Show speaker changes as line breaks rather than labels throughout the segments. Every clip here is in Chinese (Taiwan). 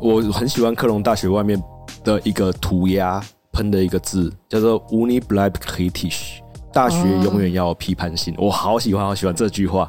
我很喜歡科隆大學外面的一個塗鴉噴的一個字，叫做 “Uni bleibt kritisch” 大學永遠要批判性。哦、我好喜歡，好喜歡這句話。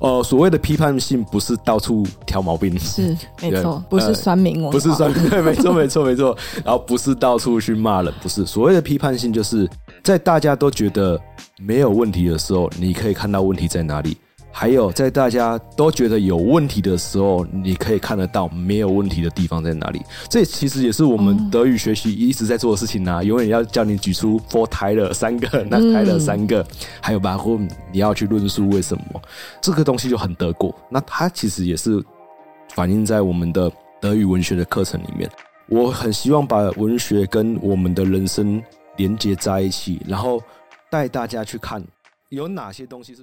呃，所謂的批判性不是到處挑毛病，是沒錯，呃、不是酸民哦，呃、我說不是酸。對，沒錯，沒錯，沒錯。 然後不是到處去罵人，不是所謂的批判性，就是在大家都覺得沒有問題的時候，你可以看到問題在哪裡。還有，在大家都覺得有問題的時候，你可以看得到沒有問題的地方在哪裡。這其實也是我們德語學習一直在做的事情啊，嗯、永遠要叫你舉出 Vorteile 三個，那 Nachteile 三個，嗯、還有包括你要去論述為什麼，這個東西就很德國。那它其實也是反映在我們的德語文學的課程裡面。我很希望把文學跟我們的人生連接在一起，然後帶大家去看有哪些東西是。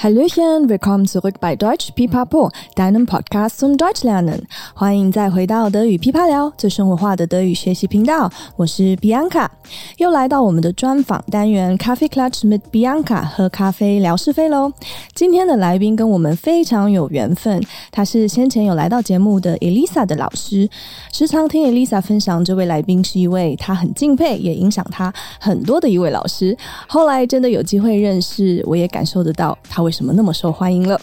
Hallöchen, willkommen zurück bei Deutsch Pipapo, deinem Podcast zum Deutsch lernen. 歡迎再回到德語劈啪聊，最生活化的德語學習頻道。我是 Bianca，又來到我們的專訪單元 Kaffeeklatsch mit Bianca，喝咖啡聊是非嘍。今天的來賓跟我們非常有緣分，他是先前有來到節目的 Elisa 的老師，時常聽 Elisa 分享，這位來賓是一位他很敬佩也影響他很多的一位老師。後來真的有機會認識，我也感受得到他。為什麼那麼受歡迎了。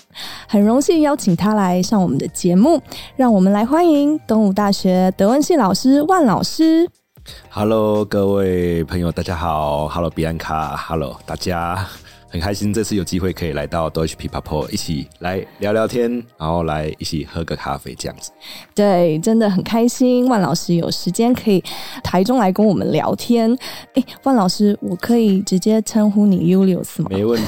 很榮幸邀請他來上我們的節目，讓我們來歡迎東吳大學德文系老師萬老師。
Hello，各位朋友，大家好。Hello，比安卡。Hello，大家。很開心，這次有機會可以來到 Deutsch Pipapo，一起來聊聊天，然後來一起喝個咖啡，這樣子。
對，真的很開心，萬老師有時間可以台中來跟我們聊天。哎，萬老師，我可以直接稱呼你 Julius 嗎？沒問題，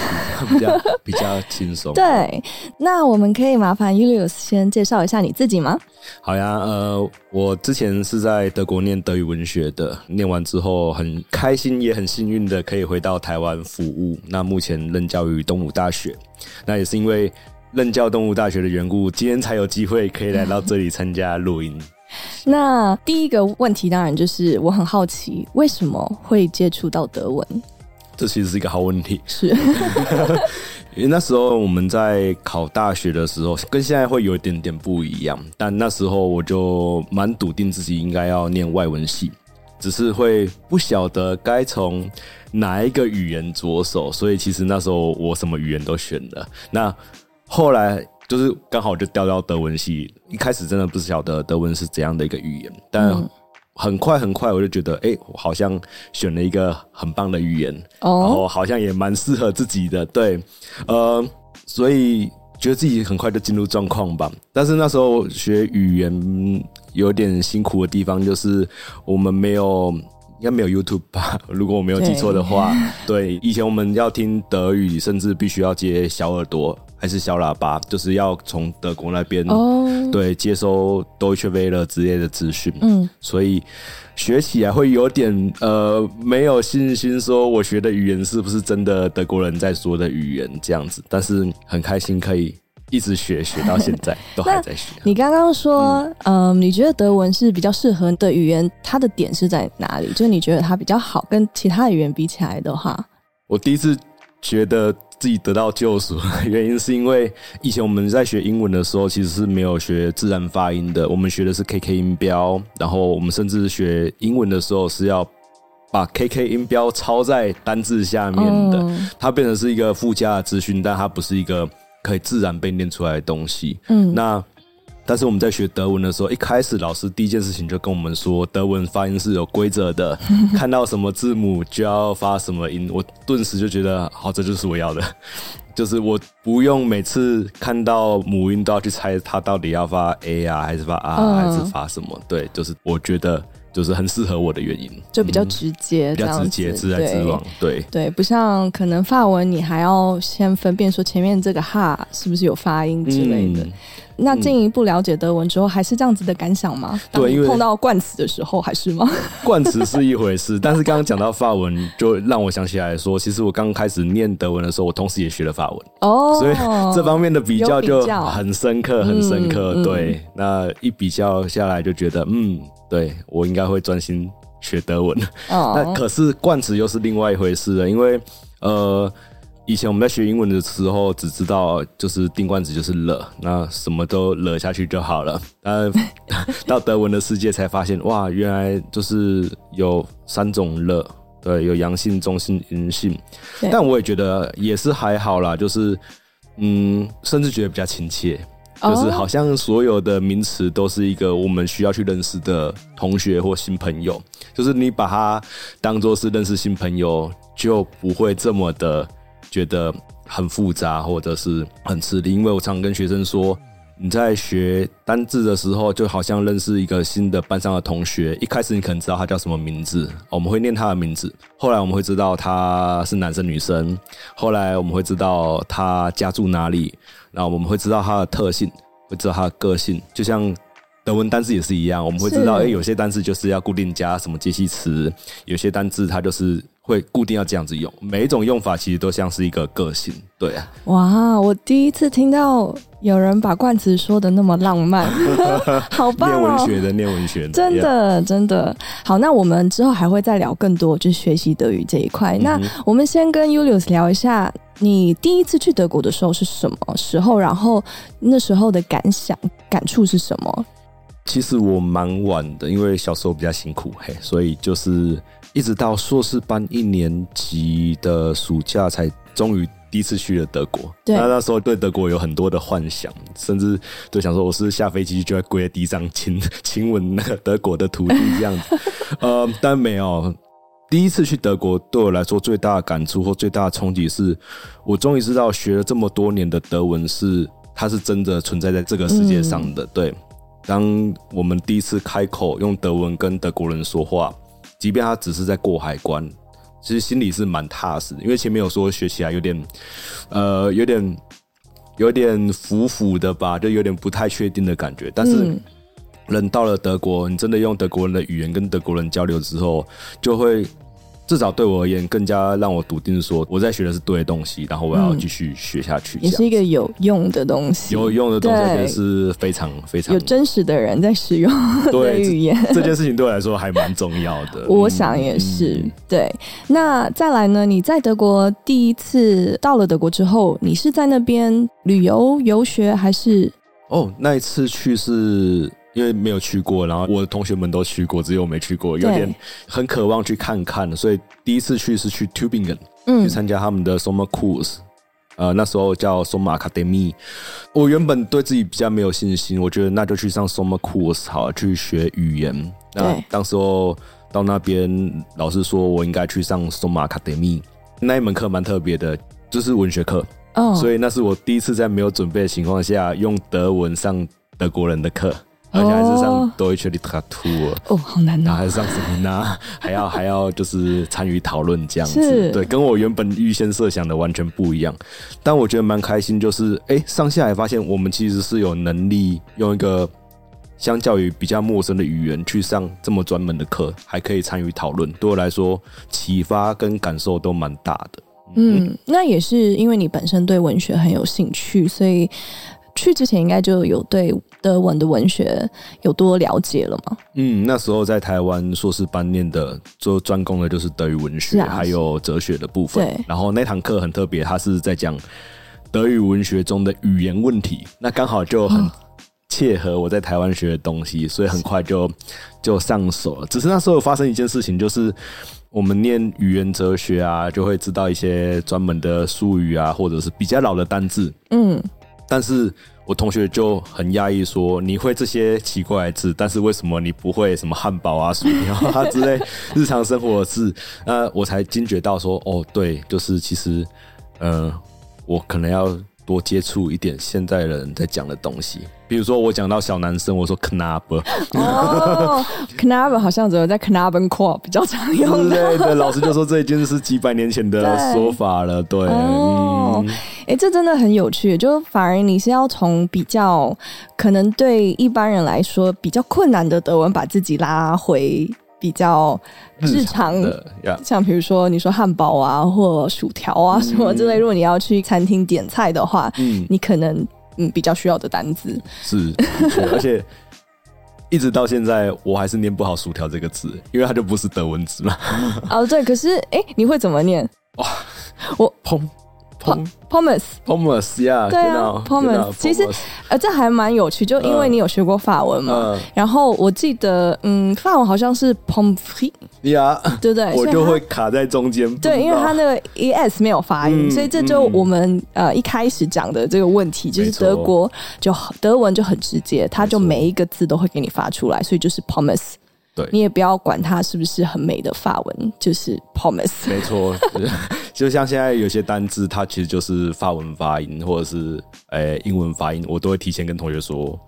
比較 比較輕鬆。
對，那我們可以麻煩 Julius 先介紹一下你自己嗎？
好呀，呃，我之前是在德國念德語文學的，念完之後很開心，也很幸運的可以回到台灣服務。那目前，任教於東吳大學，那也是因為任教東吳大學的緣故，今天才有機會可以來到這裡參加錄音。嗯、
那第一個問題當然就是，我很好奇為什麼會接觸到德文？
這其實是一個好問題。是， 因為那時候我們在考大學的時候，跟現在會有一點點不一樣，但那時候我就蠻篤定自己應該要念外文系。只是會不曉得該從哪一個語言着手，所以其實那時候我什麼語言都選了。那後來就是剛好就調到德文系，一開始真的不曉得德文是怎樣的一個語言，但很快很快我就覺得，哎、欸，我好像選了一個很棒的語言，哦，好像也蠻適合自己的。對，呃，所以覺得自己很快就進入狀況吧。但是那時候學語言。有點辛苦的地方就是我們沒有，應該沒有 YouTube 吧？如果我沒有記錯的話，對，以前我們要聽德語，甚至必須要接小耳朵還是小喇叭，就是要從德國那邊、oh、對，接收 Deutsche Welle 之類的資訊，嗯，所以學起來會有點呃沒有信心，說我學的語言是不是真的德國人在說的語言這樣子，但是很開心可以。一直學學到現在都還在
學。 你剛剛說，嗯，嗯，你覺得德文是比較適合你的語言，它的點是在哪裡？就是你覺得它比較好，跟其他的語言比起來的話。
我第一次覺得自己得到救贖的原因是因為以前我們在學英文的時候，其實是沒有學自然發音的，我們學的是 KK 音標，然後我們甚至學英文的時候是要把 KK 音標抄在單字下面的，嗯、它變成是一個附加的資訊，但它不是一個。可以自然被念出來的東西，嗯，那但是我們在學德文的時候，一開始老師第一件事情就跟我們說，德文發音是有規則的， 看到什麼字母就要發什麼音。我頓時就覺得，好，這就是我要的，就是我不用每次看到母音都要去猜它到底要發 a 啊，還是發、R、啊發 R 啊，還是發什麼？哦，對，就是我覺得。就是很適合我的原因，
就比較直接，比較直接，直來直往，對對，不像可能法文你還要先分辨說前面這個哈是不是有發音之類的。
那進一
步了解德文之後，還是這樣子的感想嗎？對，因為碰到冠詞的時候還是嗎？
冠詞是一回事，但是剛剛講到法文就讓我想起來說，其實我剛開始念德文的時候，我同時也學了法文
哦，所以這方面的比較就很
深刻，很深刻。對，那一比較下來就覺得嗯。對，我應該會專心學德文，那、oh. 可是冠詞又是另外一回事了。因為呃，以前我們在學英文的時候，只知道就是定冠詞就是了，那什麼都了下去就好了。但到德文的世界才發現， 哇，原來就是有三種了，對，有陽性、中性、陰性。對但我也覺得也是還好啦，就是嗯，甚至覺得比較親切。就是好像所有的名詞都是一個我們需要去認識的同學或新朋友，就是你把它當做是認識新朋友，就不會這麼的覺得很複雜，或者是很吃力。因為我常常跟學生說，你在學單字的時候，就好像認識一個新的班上的同學。一開始你可能知道他叫什麼名字，我們會念他的名字。後來我們會知道他是男生女生，後來我們會知道他家住哪裡，然後我們會知道他的特性，會知道他的個性。就像德文單字也是一樣，我們會知道，哎是、欸，有些單字就是要固定加什麼介系詞，有些單字它就是會固定要這樣子用。每一種用法其實都像是一個個性，對啊。
哇，我第一次聽到。有人把冠詞說的那麼浪漫，
好棒、哦、念文學的，的念文學的，yeah、真的
真的好。那我們之後還會再聊更多，就是學習德語這一塊。嗯、哼那我們先跟 Julius 聊一下，你第一次去德國的時候是什麼時候？然後那時候的感想、感觸是什麼？
其實我蠻晚的，因為小時候比較辛苦，嘿，所以就是一直到碩士班一年級的暑假才終於，第一次去了德國，那對那時候對德國有很多的幻想，甚至都想說我是下飛機就要跪在地上親親吻那個德國的土地這樣子， 呃，但沒有。第一次去德國對我來說最大的感觸或最大的衝擊是，我終於知道學了這麼多年的德文是它是真的存在在這個世界上的。嗯、對，當我們第一次開口用德文跟德國人說話，即便他只是在過海關。其實心裡是蠻踏實的，因為前面有說學起來有點，呃，有點有點浮浮的吧，就有點不太確定的感覺。但是，人到了德國，嗯，你真的用德國人的語言跟德國人交流之後，就會。至少對我而言，更加讓我篤定說我在學的是對的東西，然後我要繼續學下去、嗯。也是一個
有用的東西，有用的東西我覺得是
非常非常有
真實的人在使用的對語言這。這件事
情對我來說還蠻重要的， 我想
也是。嗯、對，那再來呢？你在德國第一次到了德國之後，你是在那邊旅遊、遊學，還是？
哦，那一次去是。因為沒有去過，然後我的同學們都去過，只有我沒去過，對有點很渴望去看看。所以第一次去是去 Tübingen，、嗯、去參加他們的 Sommerkurs，呃，那時候叫 Sommerakademie，我原本對自己比較沒有信心，我覺得那就去上 Sommerkurs 好，去學語言。那、呃、對當時候到那邊，老師說我應該去上 Sommerakademie，那一門課，蠻特別的，就是文學課。哦、oh，所以那是我第一次在沒有準備的情況下用德文上德國人的課。而且還是上 Deutsche Literatur 哦，
好難吶！還
是上什麼呢、啊， 還要還要就是參與討論這樣子，是對，跟我原本預先設想的完全不一樣。但我覺得蠻開心，就是哎，上下來發現我們其實是有能力用一個相較於比較陌生的語言去上這麼專門的課，還可以參與討論。對我來說，啟發跟感受都蠻大的。嗯，
嗯，那也是因為你本身對文學很有興趣，所以。去之前應該就有對德文的文學有多了解了嗎？嗯，
那時候在台灣碩士班念的，做專攻的就是德語文學，啊、還有哲學的部分。對然後那堂課很特別，他是在講德語文學中的語言問題，那剛好就很切合我在台灣學的東西，哦、所以很快就就上手了。是只是那時候發生一件事情，就是我們念語言哲學啊，就會知道一些專門的術語啊，或者是比較老的單字，嗯。但是我同學就很訝異，說：“你會這些奇怪的字，但是為什麼你不會什麼漢堡啊、薯條啊之類日常生活的字？” 那我才驚覺到說：“哦，對，就是其實，嗯、呃，我可能要。”多接觸一點現在人在講的東西，比如說我講到小男生，我說 knab，哦
，knab 好像只有在 knab and club 比較常用，對對，老師就
說這已經是幾百年前的說法了，對，
哎，這真的很有趣，就反而你是要從比較可能對一般人來說比較困難的德文，把自己拉回。比較日常，日常的 yeah. 像比如說你說漢堡啊或薯條啊什麼之類，嗯、如果你要去餐廳點菜的話，嗯、你可能、嗯、比較需要的單子
是， 而且一直到現在我還是念不好“薯條”這個詞，因為它就不是德文詞嘛。
哦，oh, 對，可是哎、欸，你會怎麼念？哦、oh, 我，我砰。Pommes
Pommes 呀，對啊 Pommes 其實
呃，這還蠻有趣，就因為你有學過法文嘛。然後我記得，嗯，法文好像是 pommes frites
對對？我就會卡在中間。對，因為他
那個 es 沒有發音，所以這就我們呃一開始講的這個問題，就是德國就德文就很直接，他就每一個字都會給你發出來，所以就是 Pommes 對，你也不要管它是不是很美的法文，就是 promise。沒
錯，就像現在有些單字， 它其實就是法文發音，或者是誒、欸、英文發音，我都會提前跟同學說，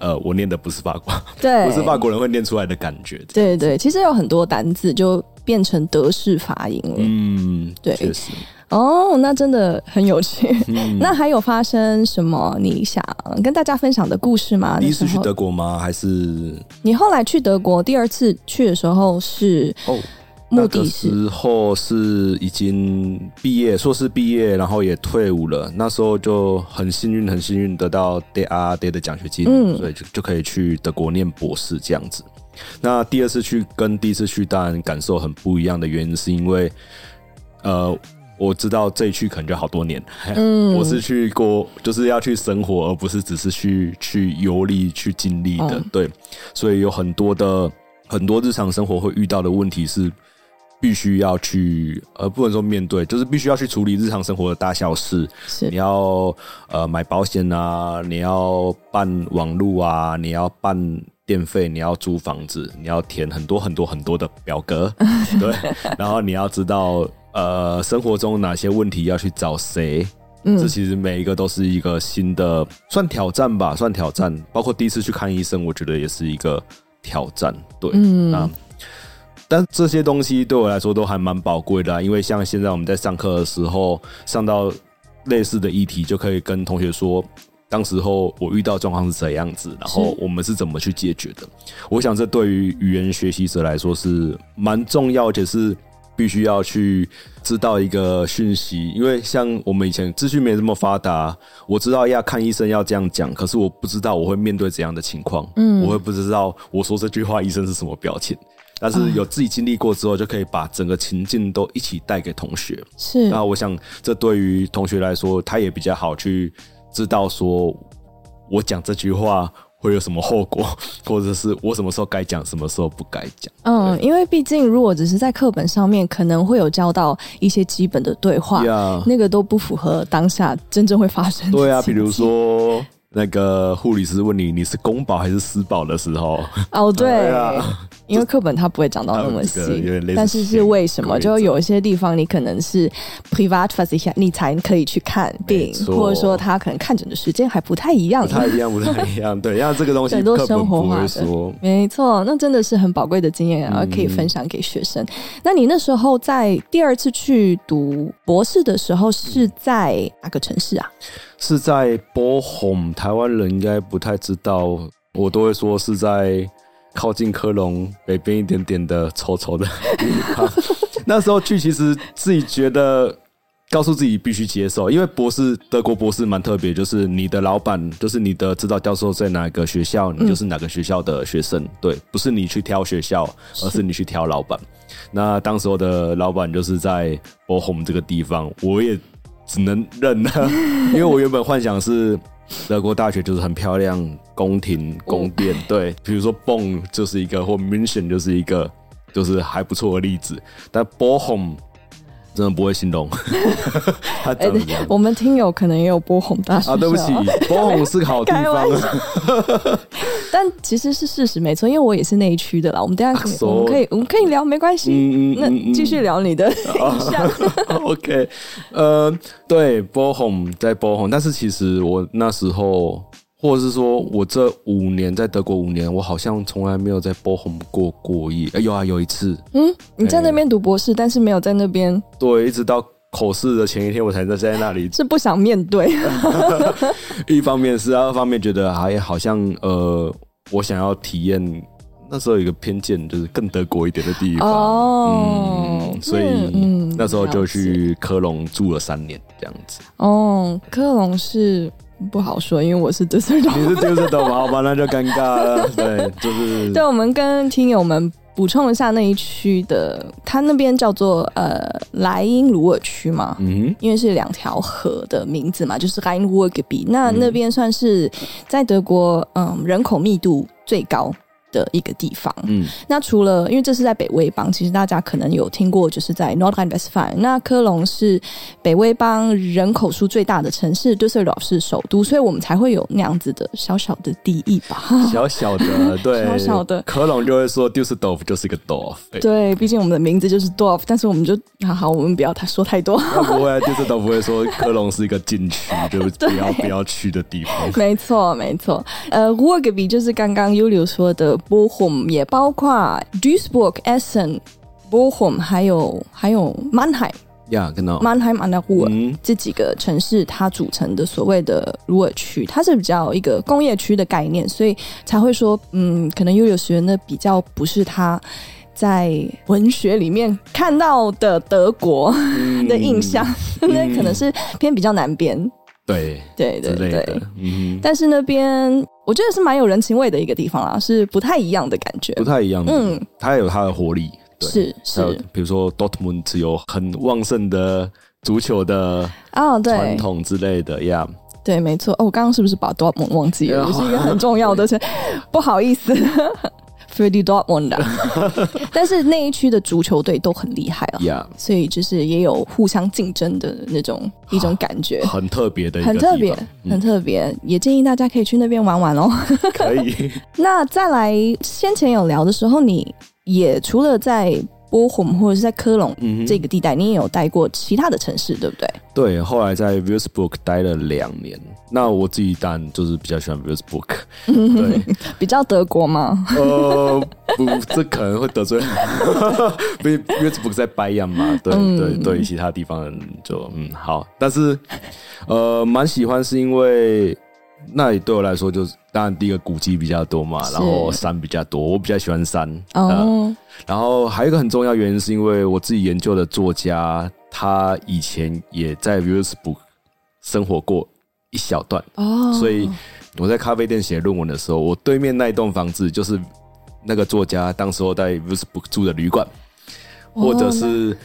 呃，我念的不是法國，
對， 不是法
國人會念出來的感覺。
對對，其實有很多單字就變成德式發音了。嗯，對，哦，oh, 那真的很有趣。嗯、 那還有發生什麼你想跟大家分享的故事嗎？第一次去
德國嗎？還是
你後來去德國第二次去的時候是，是？哦，目、那、的、個、時
候是已經畢業，碩士畢業，然後也退伍了。那時候就很幸運，很幸運得到 DAAD 的獎學金，嗯、所以就就可以去德國念博士這樣子。那第二次去跟第一次去，當然感受很不一樣的原因，是因為呃。我知道這一去可能就好多年。嗯、 我是去過，就是要去生活，而不是只是去去遊歷、去經歷的。嗯、對，所以有很多的很多日常生活會遇到的問題是必須要去，而、呃、不能說面對，就是必須要去處理日常生活的大小事。是，你要呃買保險啊，你要辦網路啊，你要辦電費，你要租房子，你要填很多很多很多的表格， 對，然後你要知道。呃，生活中哪些問題要去找誰？嗯，這其實每一個都是一個新的，算挑戰吧，算挑戰。包括第一次去看醫生，我覺得也是一個挑戰，對，嗯，啊，但這些東西對我來說都還蠻寶貴的啊，因為像現在我們在上課的時候，上到類似的議題，就可以跟同學說，當時候我遇到狀況是怎樣子，然後我們是怎麼去解決的。是我想這對於語言學習者來說是蠻重要，而且是。必須要去知道一個訊息，因為像我們以前資訊沒這麼發達，我知道要看醫生要這樣講，可是我不知道我會面對怎樣的情況，嗯、我會不知道我說這句話醫生是什麼表情。但是有自己經歷過之後，就可以把整個情境都一起帶給同學。是、嗯，那我想這對於同學來說，他也比較好去知道，說我講這句話。會有什麼後果，或者是我什麼時候該講，什麼時候不該講？嗯
，um, 因為畢竟如果只是在課本上面，可能會有教到一些基本的對話，Yeah. 那個都不符合當下真正會發生的。對
啊，比如說。那個護理師問你，你是公保還是私保的時候，
哦、oh, 對，哎、呀因為課本它不會講到那麼細，啊這個、類似，但是是為什麼？就有一些地方你可能是 private physician 你才可以去看病，錯或者說他可能看診的時間還不太一樣，不太一樣不太
一樣。 對，因這個東西很多生活化的，
沒錯，那真的是很寶貴的經驗，然後可以分享給學生。嗯、那你那時候在第二次去讀博士的時候是在哪個城市啊？是
在波鴻，台灣人應該不太知道。我都會說是在靠近科隆北邊一點點的，醜醜的。 那時候去，其實自己覺得，告訴自己必須接受，因為博士德國博士蠻特別，就是你的老板，就是你的指導教授在哪個學校，你就是哪個學校的學生。嗯、對，不是你去挑學校，而是你去挑老板。是那當時我的老板就是在波鴻這個地方，我也只能認了，因為我原本幻想是德國大學就是很漂亮，宮廷宮殿，對，比如說 Bonn 就是一個，或 München 就是一個，就是還不錯的例子，但 Bochum 真的不會心動，
我們聽友可能也有播紅大學啊，對不起，播紅是個好地方。但其實是事實沒錯，因為我也是那一區的啦。我們等下我們可以我們可以聊，沒關係，那繼續聊你的。
OK，呃，對，播紅在播紅，但是其實我那時候。或者是說，我這五年在德國五年，我好像從來沒有在波鴻、oh um、過過夜、欸。有啊，有一次，
嗯，你在那邊讀博士，欸、但是沒有在那邊。
對，一直到口試的前一天，我才在在那裡。
是不想面對。
一方面是啊，二方面覺得還好像呃，我想要體驗那時候有一個偏見，就是更德國一點的地方。哦，嗯嗯、所以那時候就去科隆住了三年這樣子。
哦，科隆是。不好說，因為我是德語懂。 你是德語懂嗎？好吧，
那就尷尬了。對，就是。 對，我
們跟聽友們補充一下那一區的，它那邊叫做呃萊茵魯爾區嘛，嗯哼，因為是兩條河的名字嘛，就是萊茵魯爾格比。Ee, 嗯、哼那那邊算是在德國，嗯，人口密度最高的一個地方。嗯，那除了因為這是在北威邦，其實大家可能有聽過，就是在 Nordrhein-Westfalen，那科隆是北威邦人口數最大的城市 Düsseldorf 是首都，所以我們才會有那樣子的小小的敵意吧？
小小的，對，小小的科隆就會說 Düsseldorf 就是一個 Dorf，
對，畢、欸、竟我們的名字就是 Dorf，但是我們就好好，我們不要他說太多。那不
會 Düsseldorf 不會說 科隆是一個禁區，就不要 對不要去的地方。
沒錯，沒錯。呃，Wagby 就是剛剛 Julius 說的。Bochum 也包括 Duisburg、Essen、Bochum、um, 還有還有 Mannheim, ah, Mannheim an der Ruhr 這幾個城市它組成的所謂的魯爾區，它是比較一個工業區的概念，所以才會說嗯，可能又有學員呢比較不是他在文學裡面看到的德國的印象，因為、嗯、可能是偏比較南邊。對對對對，嗯，但是那邊我覺得是蠻有人情味的一個地方啦，是不太一樣的感覺，不太
一樣的，嗯，它有它的活力，
對。是是，
比如說 Dortmund 有很旺盛的足球的啊，對，傳統之類的呀，
對，沒錯，哦，我剛剛是不是把 Dortmund 忘記了？ 是一個很重要的， 對 不好意思。 Freddie Dortmund，但是那一區的足球隊都很厲害了， 所以就是也有互相競爭的那種一種感覺，
很特別的，很特別，
很特別、嗯。也建議大家可以去那邊玩玩哦。 可以。那再來，先前有聊的時候，你也除了在。波鴻，或者是在科隆這個地帶，嗯、哼你也有待過其他的城市，對不對？
對，後來在 Würzburg 待了兩年。那我自己當然就是比較喜歡 Würzburg 嗯，
對，比較德國嗎？
呃，不，這可能會得罪 Würzburg 在 Bayern 嘛。對、嗯、對對，其他地方就嗯好，但是呃，蠻喜歡是因為。那也對我來說，就是當然，第一個古蹟比較多嘛，是然後山比較多，我比較喜歡山。哦、
oh. 呃。
然後還有一個很重要原因，是因為我自己研究的作家，他以前也在 Würzburg 生活過一小段。哦。Oh. 所以我在咖啡店寫論文的時候，我對面那一棟房子就是那個作家當時候在 Würzburg 住的旅館，或者是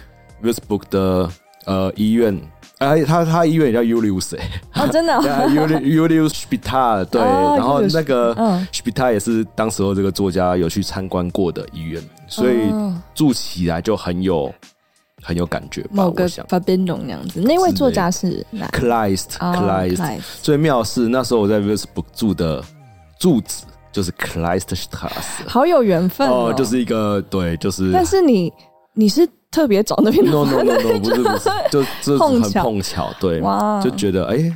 Würzburg 的呃醫院。啊，他他醫院也叫 Julius 啊，
真的。
Julius Spital，對，然後那個嗯 Spital 也是當時候這個作家有去參觀過的醫院，所以住起來就很有很有感覺。
某個 Verbindung 那樣子，那位作家是
Kleist Kleist。最妙是那時候我在 Würzburg 住的住址就是 Kleiststraße，
好有緣分哦，就是
一個對，就是。但
是你你是。特別找那邊，碰
巧，對，巧哇就覺得哎、欸，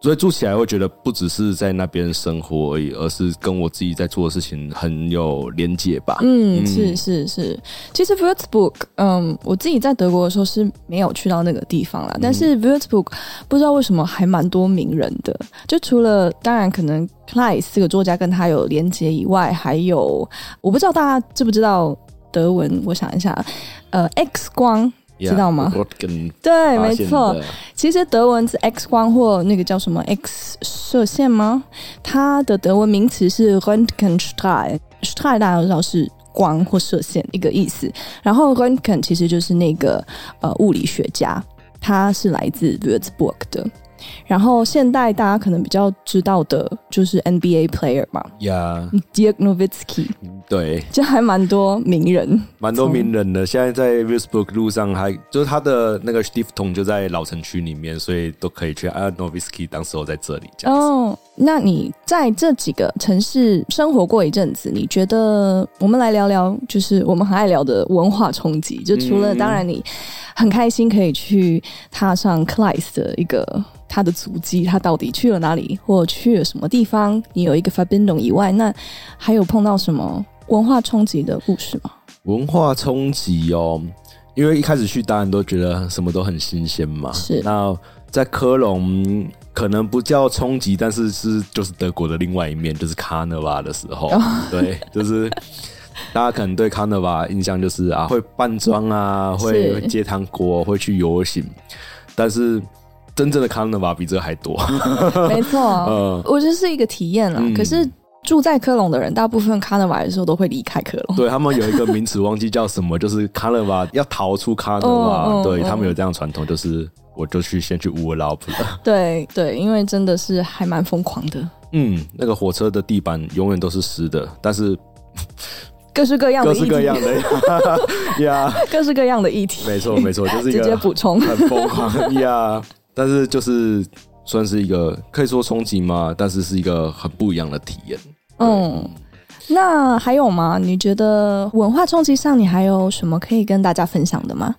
所以住起來會覺得不只是在那邊生活而已，而是跟我自己在做的事情很有連結吧。嗯，嗯，是是
是。其實 Würzburg 嗯，我自己在德國的時候是沒有去到那個地方了，嗯、但是 Würzburg 不知道為什麼還蠻多名人的，就除了當然可能 Kleist 四個作家跟他有連結以外，還有我不知道大家知不知道。德文，我想一下，呃，X 光 yeah, 知道嗎？
對，沒錯。
其實德文是 X 光或那個叫什麼 X 射線嗎？它的德文名詞是 Röntgenstrahl，Strahl 大家都知道是光或射線一個意思。然後 Röntgen 其實就是那個呃物理學家，他是來自 Würzburg 的。然後現代大家可能比較知道的就是 NBA player 嘛 Yeah, Dirk Nowitzki。對，就還蠻多名人，
蠻多名人的。從現在在 Würzburg 路上還就是他的那個 Stiftung 就在老城區裡面，所以都可以去。And、啊、Nowitzki 當時候在這裡
這。哦，那你在這幾個城市生活過一陣子，你覺得我們來聊聊，就是我們很愛聊的文化衝擊。就除了當然，你很開心可以去踏上 Kleist 的一個他的足跡，他到底去了哪裡，或去了什麼地方。你有一個 Verbindung 以外，那還有碰到什麼？文化衝擊的故事嗎？
文化衝擊哦，因為一開始去，當然都覺得什麼都很新鮮嘛。是那在科隆，可能不叫衝擊，但是是就是德國的另外一面，就是康納瓦的時候，哦、對，就是大家可能對康納瓦印象就是啊，會扮裝啊，嗯、會接糖果，會去遊行，但是真正的康納瓦比這還多。沒錯、啊， 嗯、我
覺得是一個體驗了，嗯、可是。住在科隆的人，大部分卡 a 瓦的時候都會離開科隆。
對，他們有一個名詞忘記叫什麼， 就是卡 a 瓦要逃出卡 a 瓦。對、oh, 他們有這樣傳統，就是我就去先去 u r
對對，因為真的是還蠻瘋狂的。
嗯，那個火車的地板永遠都是濕的，但是
各式各樣的各式各樣的，
呀，
各式各樣的議題，各各議題沒錯沒錯，就是一個補充，很瘋狂，
呀、 yeah，但是就是。算是一個可以說衝擊嗎？但是是一個很不一樣的體驗。
嗯，那還有嗎？你覺得文化衝擊上，你還有什麼可以跟大家分享的嗎？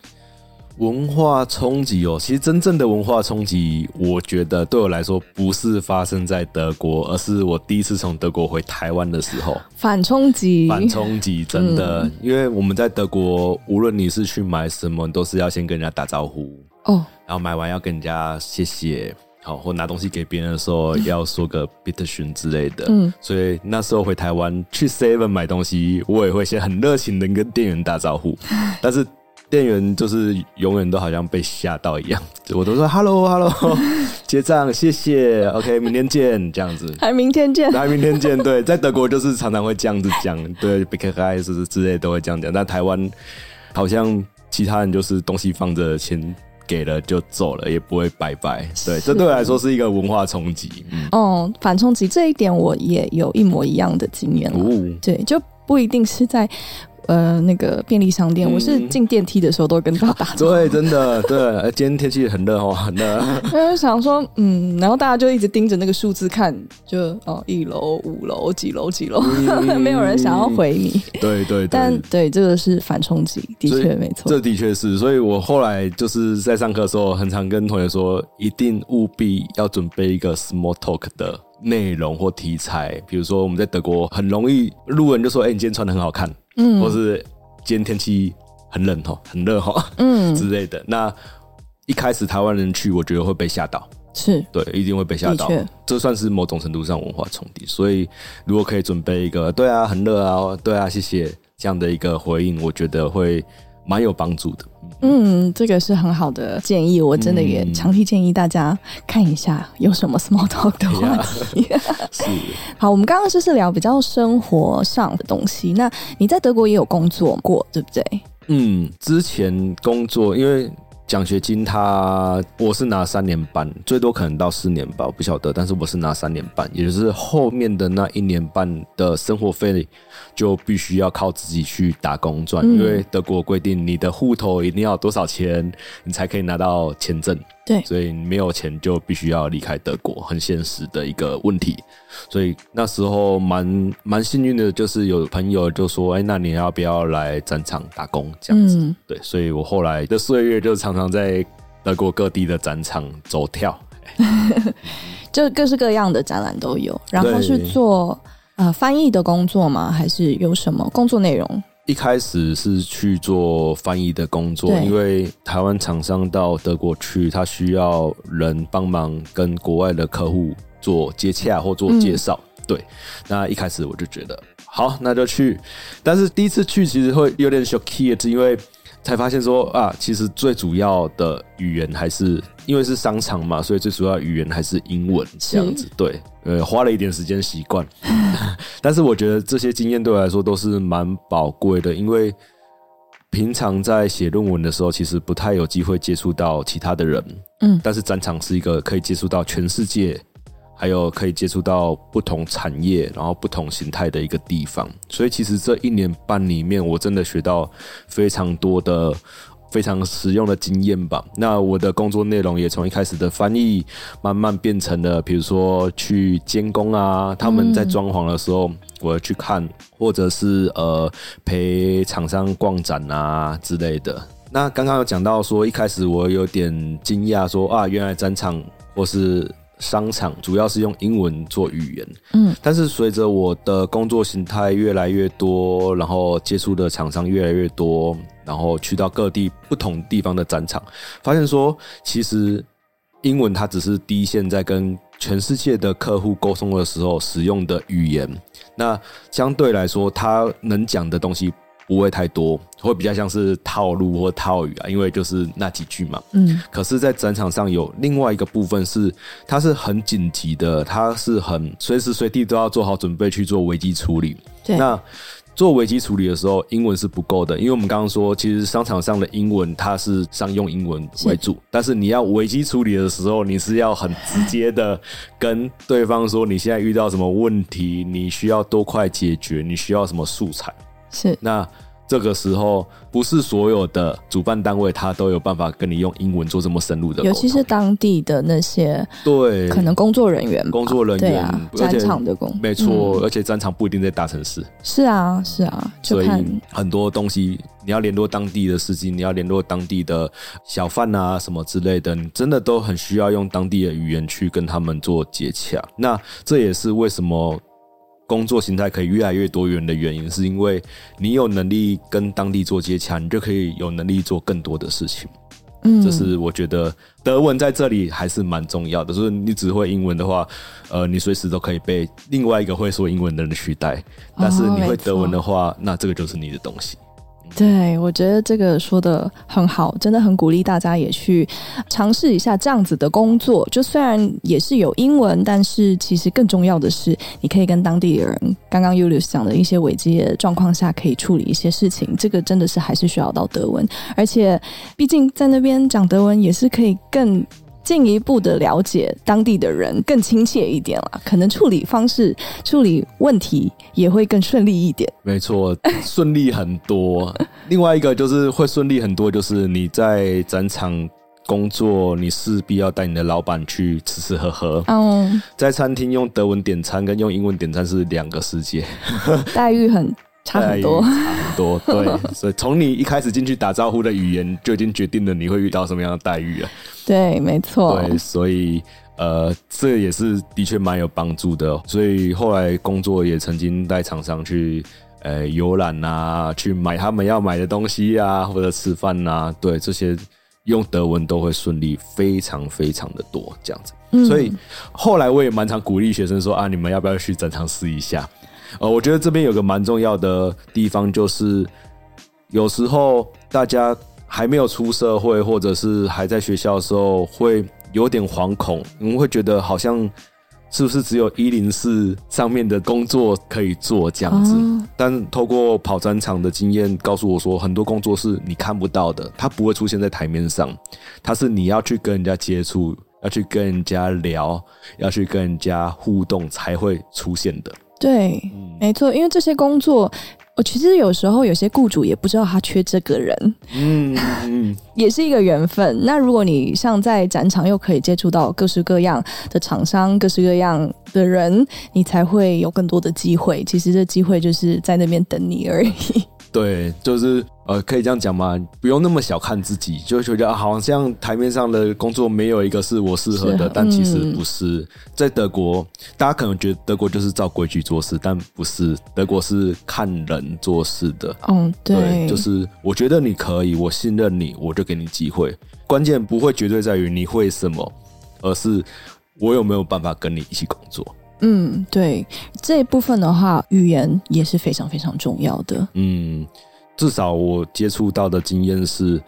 文化衝擊哦，其實真正的文化衝擊，我覺得對我來說不是發生在德國，而是我第一次從德國回台灣的時候。
反衝擊，反衝
擊，真的，嗯，因為我們在德國，無論你是去買什麼，你都是要先跟人家打招呼哦，然後買完要跟人家謝謝。好，或拿東西給別人的時候，要說個 bitte schön 之類的。嗯，所以那時候回台灣去 Seven 買東西，我也會先很熱情的跟店員打招呼， 但是店員就是永遠都好像被嚇到一樣，我都說 “hello hello”， 結賬謝謝，OK， 明天見，這樣子，還
明天見， 還明
天見。對，在德國就是常常會這樣子講，對 bitte schön 是之類都會這樣講，但台灣好像其他人就是東西放着，錢，給了就走了，也不會拜拜。對，這是對我來說是一個文化衝擊。
哦、嗯，嗯、反衝擊這一點，我也有一模一樣的經驗、哦、對，就不一定是在。呃，那個便利商店，嗯、我是進電梯的時候都跟他打招呼。對，真
的對、欸。今天天氣很熱哦、喔，很熱、
啊。我就想說，嗯，然後大家就一直盯着那個數字看，就哦、喔，一樓、五樓、幾樓、幾樓，嗯、 沒有人想要回你。
對，對對，但
對這個是反衝擊，的確沒錯。這
的確是，所以我後來就是在上課的時候，很常跟同學說，一定務必要準備一個 small talk 的內容或題材，比如說我們在德國很容易路人就說，哎、欸，你今天穿的很好看。嗯，或是今天天氣很冷吼，很熱吼，嗯，之類的。那一開始台灣人去，我覺得會被嚇到，是，對，一定會被嚇到。的確。這算是某種程度上文化衝擊。所以如果可以準備一個，對啊，很熱啊，對啊，謝謝，這樣的一個回應，我覺得會。蠻有幫助的。
嗯，這個是很好的建議，我真的也強烈建議大家看一下有什麼 small talk 的話題。哎、呀 是，好，我們剛剛就是聊比較生活上的東西。那你在德國也有工作過，對不對？
嗯，之前工作因為。獎學金他，我是拿三年半，最多可能到四年吧，我不曉得。但是我是拿三年半，也就是後面的那一年半的生活費就必須要靠自己去打工賺，嗯、因為德國規定你的戶頭一定要多少錢，你才可以拿到簽證。對，所以沒有錢就必須要離開德國，很現實的一個問題。所以那時候蠻蠻幸運的，就是有朋友就說：“哎、欸，那你要不要來展場打工？”這樣子。嗯、對，所以我後來的歲月就常常在德國各地的展場走跳，
就各式各樣的展覽都有。然後是做對、呃、翻譯的工作嗎？還是有什麼工作內容？
一開始是去做翻譯的工作，對因為台灣廠商到德國去，他需要人幫忙跟國外的客戶做接洽或做介紹。嗯、對，那一開始我就覺得好，那就去。但是第一次去其實會有點小 shock 因為才發現說啊，其實最主要的語言還是因為是商場嘛，所以最主要的語言還是英文這樣子。起對。呃，花了一點時間習慣， 但是我覺得這些經驗對我來說都是蠻寶貴的，因為平常在寫論文的時候，其實不太有機會接觸到其他的人，嗯，但是展場是一個可以接觸到全世界，還有可以接觸到不同產業，然後不同形態的一個地方，所以其實這一年半裡面，我真的學到非常多的。非常實用的經驗吧。那我的工作內容也從一開始的翻譯，慢慢變成了比如說去監工啊，他們在裝潢的時候我去看，嗯、或者是呃陪廠商逛展啊之類的。那剛剛有講到說，一開始我有點驚訝，說啊，原來展場或是。商場主要是用英文做語言，嗯，但是隨着我的工作形態越來越多，然後接觸的廠商越來越多，然後去到各地不同地方的展場，發現說其實英文它只是第一線在跟全世界的客戶溝通的時候使用的語言，那相對來說，他能講的東西。不會太多，會比較像是套路或套語啊，因為就是那幾句嘛。嗯。可是，在展場上有另外一個部分是，它是很緊急的，它是很隨時隨地都要做好準備去做危機處理。對。那做危機處理的時候，英文是不夠的，因為我們剛剛說，其實商場上的英文它是商用英文為主，是。但是你要危機處理的時候，你是要很直接的跟對方說你現在遇到什麼問題， 你需要多快解決，你需要什麼素材。是，那這個時候不是所有的主辦單位他都有辦法跟你用英文做這麼深入的，尤其
是當地的那些，
對，可能工作人員，工作人員，啊，而且展場的工，沒錯，嗯、而且展場不一定在大城市，
是啊，是啊，就看，所
以很多東西你要聯絡當地的司機，你要聯絡當地的小販啊什麼之類的，你真的都很需要用當地的語言去跟他們做接洽。那這也是為什麼。工作形態可以越來越多元的原因，是因為你有能力跟當地做接洽，你就可以有能力做更多的事情。嗯，這是我覺得德文在這裡還是蠻重要的。就是你只會英文的話，呃，你隨時都可以被另外一個會說英文的人取代。但是你會德文的話，Oh, right. 那這個就是你的東西。
對，我覺得這個說得很好，真的很鼓勵大家也去嘗試一下這樣子的工作。就雖然也是有英文，但是其實更重要的是，你可以跟當地的人，剛剛 Julius 講的一些危機的狀況下可以處理一些事情。這個真的是還是需要到德文，而且畢竟在那邊講德文也是可以更。進一步的了解當地的人，更親切一點啦。可能處理方式、處理問題也會更順利一點。
沒錯，順利很多。 另外一個就是會順利很多，就是你在展場工作，你勢必要帶你的老板去吃吃喝喝。嗯，um, 在餐廳用德文點餐跟用英文點餐是兩個世界，
待遇很。差很
多，差很多。對， 所以從你一開始進去打招呼的語言，就已經決定了你會遇到什麼樣的待遇啊？
對，沒錯。對，
所以呃，這也是的確蠻有幫助的哦。所以後來工作也曾經帶廠商去呃遊覽啊，去買他們要買的東西啊，或者吃飯啊。對，這些用德文都會順利，非常非常的多這樣子。嗯。所以後來我也蠻常鼓勵學生說啊，你們要不要去展場試一下？呃，我覺得這邊有個蠻重要的地方，就是有時候大家還沒有出社會，或者是還在學校的時候，會有點惶恐，你們會覺得好像是不是只有一零四上面的工作可以做這樣子？嗯、但透過跑展場的經驗，告訴我說，很多工作是你看不到的，它不會出現在台面上，它是你要去跟人家接觸，要去跟人家聊，要去跟人家互動才會出現的。
對，沒錯，因為這些工作，我其實有時候有些雇主也不知道他缺這個人，嗯，嗯也是一個緣分。那如果你像在展場，又可以接觸到各式各樣的廠商、各式各樣的人，你才會有更多的機會。其實這機會就是在那邊等你而已。
對，就是呃，可以這樣講嘛，不用那麼小看自己，就覺得、啊、好像台面上的工作沒有一個是我適合的，是但其實不是。嗯、在德國，大家可能覺得德國就是照規矩做事，但不是，德國是看人做事的。嗯、哦，對，對，就是我覺得你可以，我信任你，我就給你機會。關鍵不會絕對在於你會什麼，而是我有沒有辦法跟你一起工作。
嗯，對，這一部分的話，語言也是非常非常重要的。
嗯，至少我接觸到的經驗是，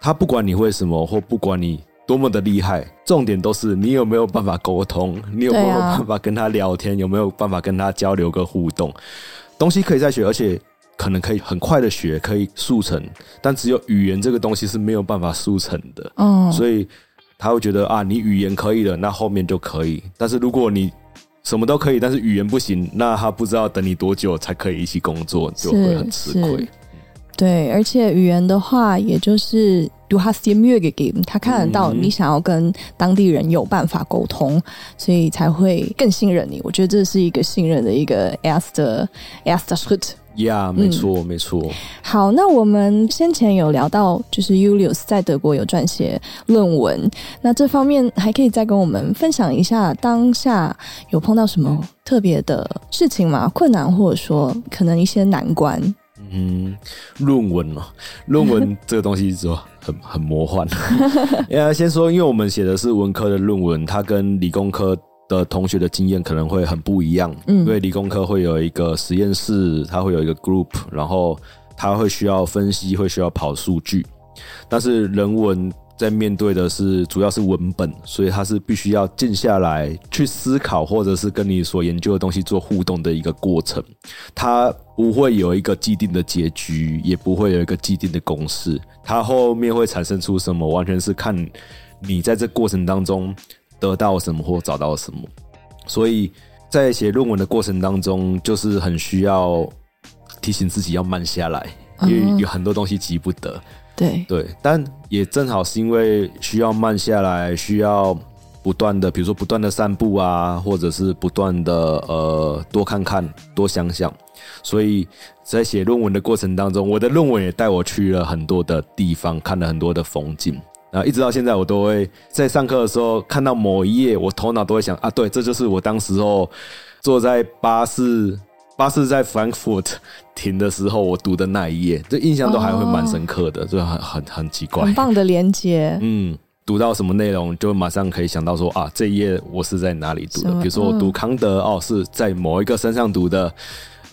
他不管你會什麼，或不管你多麼的厲害，重點都是你有沒有辦法溝通，你有沒有辦法跟他聊天，啊、有沒有辦法跟他交流跟互動。東西可以再學，而且可能可以很快的學，可以速成。但只有語言這個東西是沒有辦法速成的。嗯、哦，所以他會覺得啊，你語言可以了，那後面就可以。但是如果你什麼都可以，但是語言不行，那他不知道等你多久才可以一起工作，就會是很吃
虧。對，而且語言的話，也就是 do he see music game，他看得到你想要跟當地人有辦法溝通，嗯、所以才會更信任你。我覺得這是一個信任的一個 erster erster Schritt。呀，yeah, 沒錯、
嗯、沒錯
錯。好，那我們先前有聊到，就是 Julius 在德國有撰寫論文，那這方面還可以再跟我們分享一下，當下有碰到什麼特別的事情嗎？嗯、困難或者說可能一些難關？
嗯，論文哦、喔，論文這個東西說很 很魔幻。要、 yeah, 先說，因為我們寫的是文科的論文，它跟理工科。的同學的經驗可能會很不一樣，嗯，因為理工科會有一個實驗室，他會有一個 group，然後他會需要分析，會需要跑數據。但是人文在面對的是主要是文本，所以他是必須要靜下來去思考，或者是跟你所研究的東西做互動的一個過程。它不會有一個既定的結局，也不會有一個既定的公式。它後面會產生出什麼，完全是看你在這過程當中。得到什麼或找到什麼，所以在寫論文的過程當中，就是很需要提醒自己要慢下來，uh huh. 因為有很多東西急不得。對對，但也正好是因為需要慢下來，需要不斷的，比如說不斷的散步啊，或者是不斷的呃多看看、多想想。所以在寫論文的過程當中，我的論文也帶我去了很多的地方，看了很多的風景。然後、啊、一直到現在，我都會在上課的時候看到某一頁，我頭腦都會想啊，對，這就是我當時候坐在巴士，巴士在 Frankfurt 停的時候，我讀的那一頁，這印象都還會蠻深刻的，哦、就很很很奇怪。很
棒的連接，
嗯，讀到什麼內容就馬上可以想到說啊，這一頁我是在哪裡讀的？麼比如說我讀康德哦，是在某一個山上讀的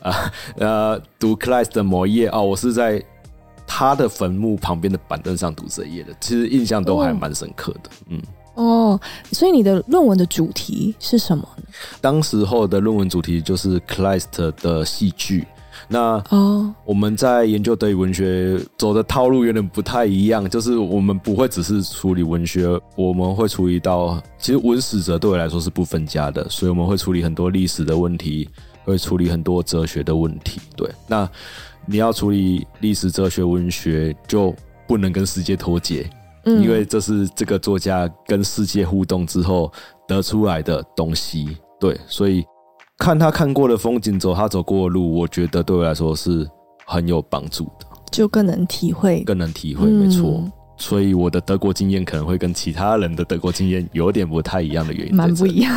啊，呃、啊，讀 Kleist 的某一頁哦，我是在。他的墳墓旁邊的板凳上讀這頁的，其實印象都還蠻深刻的。嗯，
哦，所以你的論文的主題是什麼呢？
當時候的論文主題就是 Kleist 的戲劇。那哦，我們在研究德語文學走的套路有點不太一樣，就是我們不會只是處理文學，我們會處理到其實文史哲對我來說是不分家的，所以我們會處理很多歷史的問題，會處理很多哲學的問題。對，那。你要處理歷史、哲學、文學，就不能跟世界脫節，嗯、因為這是這個作家跟世界互動之後得出來的東西。對，所以看他看過的風景走，走他走過的路，我覺得對我來說是很有幫助的，
就更能體會，
更能體會，沒錯。嗯所以我的德國經驗可能會跟其他人的德國經驗有點不太一樣的原因，
蠻不一樣。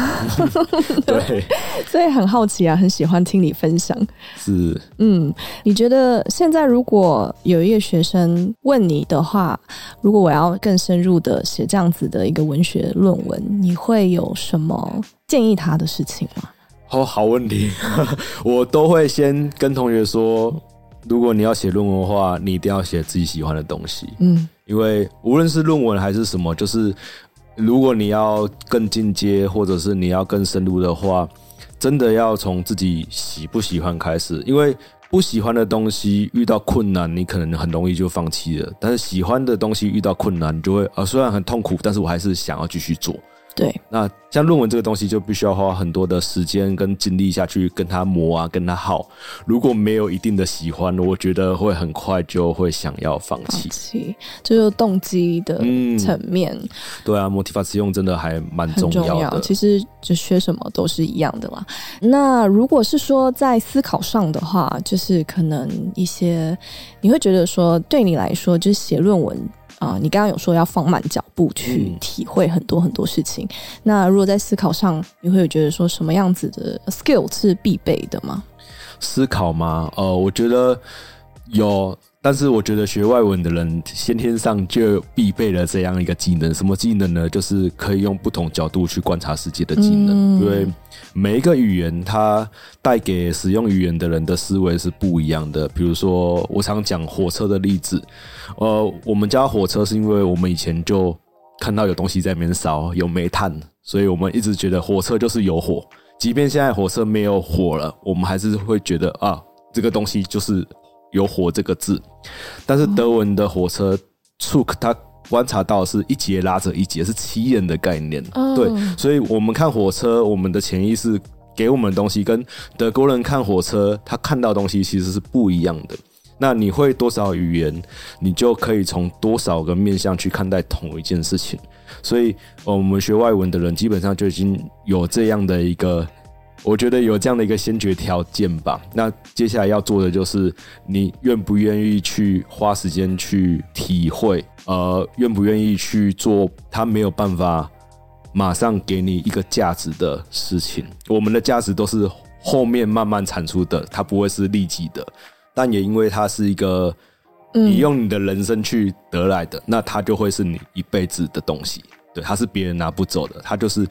對， 所以很好奇啊，很喜歡聽你分享。
是，
嗯，你覺得現在如果有一個學生問你的話，如果我要更深入的寫這樣子的一個文學論文，你會有什麼建議他的事情嗎？
哦，好問題， 我都會先跟同學說，如果你要寫論文的話，你一定要寫自己喜歡的東西。嗯。因為無論是論文還是什麼，就是如果你要更進階，或者是你要更深入的話，真的要從自己喜不喜歡開始。因為不喜歡的東西遇到困難，你可能很容易就放棄了；但是喜歡的東西遇到困難，你就會啊，雖然很痛苦，但是我還是想要繼續做。對，那像論文這個東西，就必須要花很多的時間跟精力下去跟他磨啊，跟他耗。如果沒有一定的喜歡，我覺得會很快就會想要放棄。放
棄就是動機的層面、嗯。
對啊，motivation 真的還蠻重要的，很重要。其
實就學什麼都是一樣的啦。那如果是說在思考上的話，就是可能一些你會覺得說，對你來說，就是寫論文。啊、呃，你剛剛有說要放慢腳步去體會很多很多事情，嗯、那如果在思考上，你會有覺得說什麼樣子的 skill 是必備的嗎？
思考嗎？呃，我覺得有、嗯。但是我覺得學外文的人先天上就必備了這樣一個技能，什麼技能呢？就是可以用不同角度去觀察世界的技能。因為、嗯、每一個語言，它帶給使用語言的人的思維是不一樣的。比如說，我常講火車的例子。呃，我們叫火車是因為我們以前就看到有東西在裡面燒，有煤炭，所以我們一直覺得火車就是有火。即便現在火車沒有火了，我們還是會覺得啊，這個東西就是。有“火”這個字，但是德文的火車 Zug 他觀察到是一節拉着一節，是七人的概念。Oh. 對，所以我們看火車，我們的潛意識給我們的東西，跟德國人看火車，他看到東西其實是不一樣的。那你會多少語言，你就可以從多少個面向去看待同一件事情。所以，我們學外文的人，基本上就已經有這樣的一個。我覺得有這樣的一個先決條件吧，那接下來要做的就是，你願不願意去花時間去體會，呃，願不願意去做他沒有辦法馬上給你一個價值的事情。我們的價值都是後面慢慢產出的，它不會是立即的，但也因為它是一個你用你的人生去得來的，嗯，那它就會是你一輩子的東西。對，它是別人拿不走的，它就是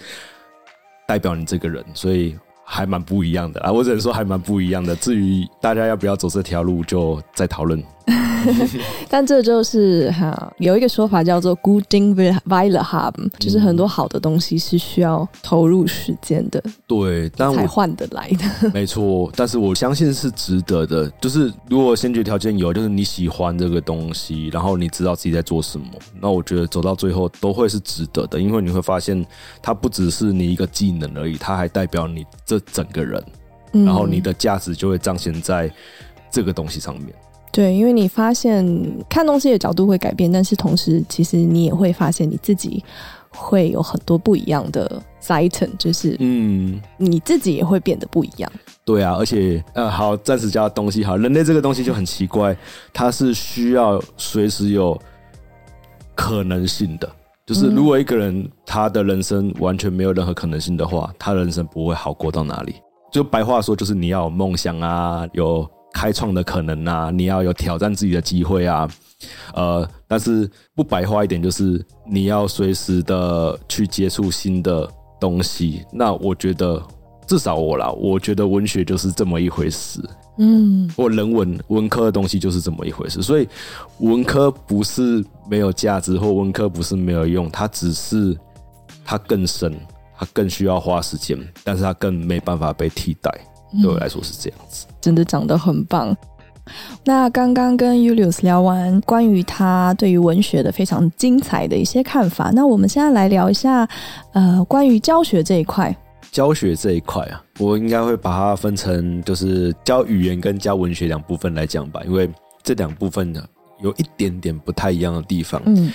代表你這個人，所以。還蠻不一樣的啊，我只能說還蠻不一樣的。至於大家要不要走這條路，就再討論。
但這就是哈，有一個說法叫做 “Gut Ding will Weile haben”，就是很多好的東西是需要投入時間的，
對，但才換得來的。嗯、沒錯，但是我相信是值得的。就是如果先決條件有，就是你喜歡這個東西，然後你知道自己在做什麼，那我覺得走到最後都會是值得的，因為你會發現它不只是你一個技能而已，它還代表你這整個人，嗯、然後你的價值就會彰顯在這個東西上面。
對，因為你發現看東西的角度會改變，但是同時，其實你也會發現你自己會有很多不一樣的 Seiten，就是
嗯，
你自己也會變得不一樣。嗯、
對啊，而且呃，好，暫時加東西好，人類這個東西就很奇怪，嗯、它是需要隨時有可能性的。就是如果一個人他的人生完全沒有任何可能性的話，他的人生不會好過到哪裡。就白話說，就是你要有夢想啊，有。開創的可能啊，你要有挑戰自己的機會啊，呃，但是不白話一點，就是你要隨時的去接觸新的東西。那我覺得，至少我啦，我覺得文學就是這麼一回事，嗯，或人文文科的東西就是這麼一回事。所以文科不是沒有價值，或文科不是沒有用，它只是它更深，它更需要花時間，但是它更沒辦法被替代。對我來說是這樣
子，嗯，真的長得很棒。那剛剛跟 Julius 聊完關於他對於文學的非常精彩的一些看法，那我們現在來聊一下，呃，關於教學這一塊。
教學這一塊啊，我應該會把它分成就是教語言跟教文學兩部分來講吧，因為這兩部分呢、啊、有一點點不太一樣的地方。嗯，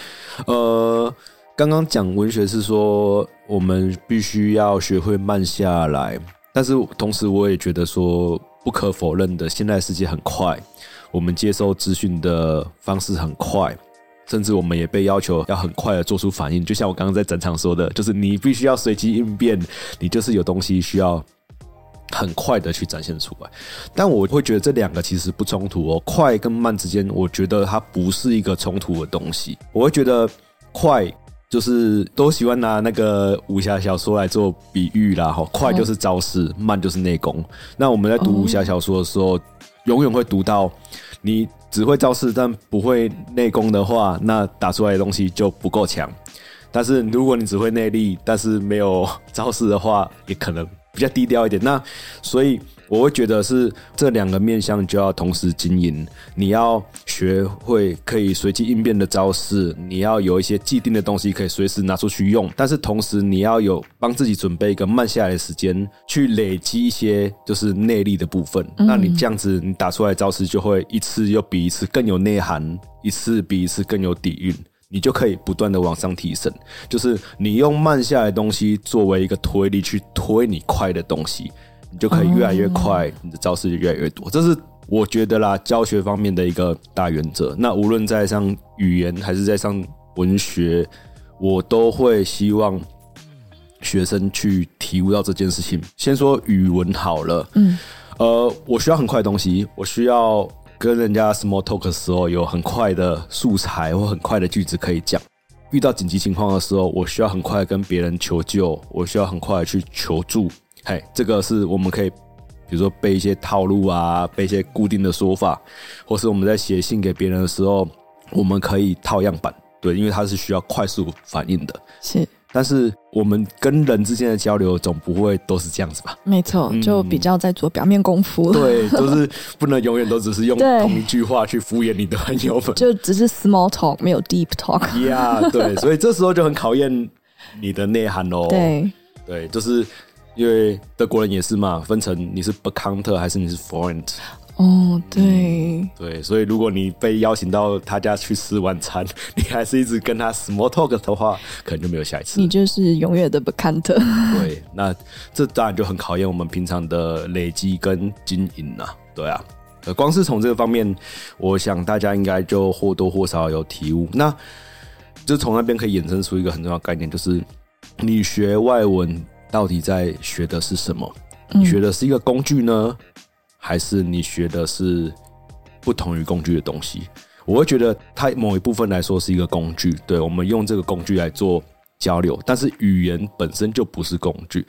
呃，剛剛講文學是說我們必須要學會慢下來。但是同時，我也覺得說不可否認的，現在世界很快，我們接收資訊的方式很快，甚至我們也被要求要很快的做出反應。就像我剛剛在展場說的，就是你必須要隨機應變，你就是有東西需要很快的去展現出來。但我會覺得這兩個其實不衝突哦、喔，快跟慢之間，我覺得它不是一個衝突的東西。我會覺得快。就是都喜歡拿那個武俠小說來做比喻啦，哦、快就是招式，慢就是內功。那我們在讀武俠小說的時候，哦、永遠會讀到，你只會招式但不會內功的話，那打出來的東西就不夠強。但是如果你只會內力，但是沒有招式的話，也可能比較低調一點。那所以。我會覺得是這兩個面向就要同時經營，你要學會可以隨機應變的招式，你要有一些既定的東西可以隨時拿出去用，但是同時你要有幫自己準備一個慢下來的時間，去累積一些就是內力的部分。嗯、那你這樣子，你打出來的招式就會一次又比一次更有內涵，一次比一次更有底蘊，你就可以不斷的往上提升。就是你用慢下來的東西作為一個推力去推你快的東西。你就可以越來越快，你的招式就越來越多。這是我覺得啦，教學方面的一個大原則。那無論在上語言還是在上文學，我都會希望學生去體悟到這件事情。先說語文好了，嗯，呃，我需要很快的東西，我需要跟人家 small talk 的時候有很快的素材或很快的句子可以講。遇到緊急情況的時候，我需要很快跟別人求救，我需要很快去求助。嘿，hey, 這個是我們可以，比如說背一些套路啊，背一些固定的說法，或是我們在寫信給別人的時候，我們可以套樣板。對，因為它是需要快速反應的。是，但是我們跟人之間的交流總不會都是這樣子吧？
沒錯，就比較在做表面功夫。嗯、對，就是
不能永遠都只是用同一句話去敷衍你的朋友們。就
只是 small talk，沒有 deep talk。呀，yeah, 對，所
以這時候就很考驗你的內涵哦。對，對，就是。因為德國人也是嘛，分成你是 Bekannter 還是你是 Foreign。哦，
對、嗯，
對，所以如果你被邀請到他家去吃晚餐，你還是一直跟他 Small Talk 的話，可能就沒有下一次。
你就是永遠的 Bekannter。對，
那這當然就很考驗我們平常的累積跟經營了、啊。對啊，光是從這個方面，我想大家應該就或多或少有體悟。那就從那邊可以衍生出一個很重要概念，就是你學外文，到底在學的是什麼？你學的是一個工具呢，嗯、還是你學的是不同於工具的東西？我會覺得它某一部分來說是一個工具，對，我們用這個工具來做交流。但是語言本身就不是工具。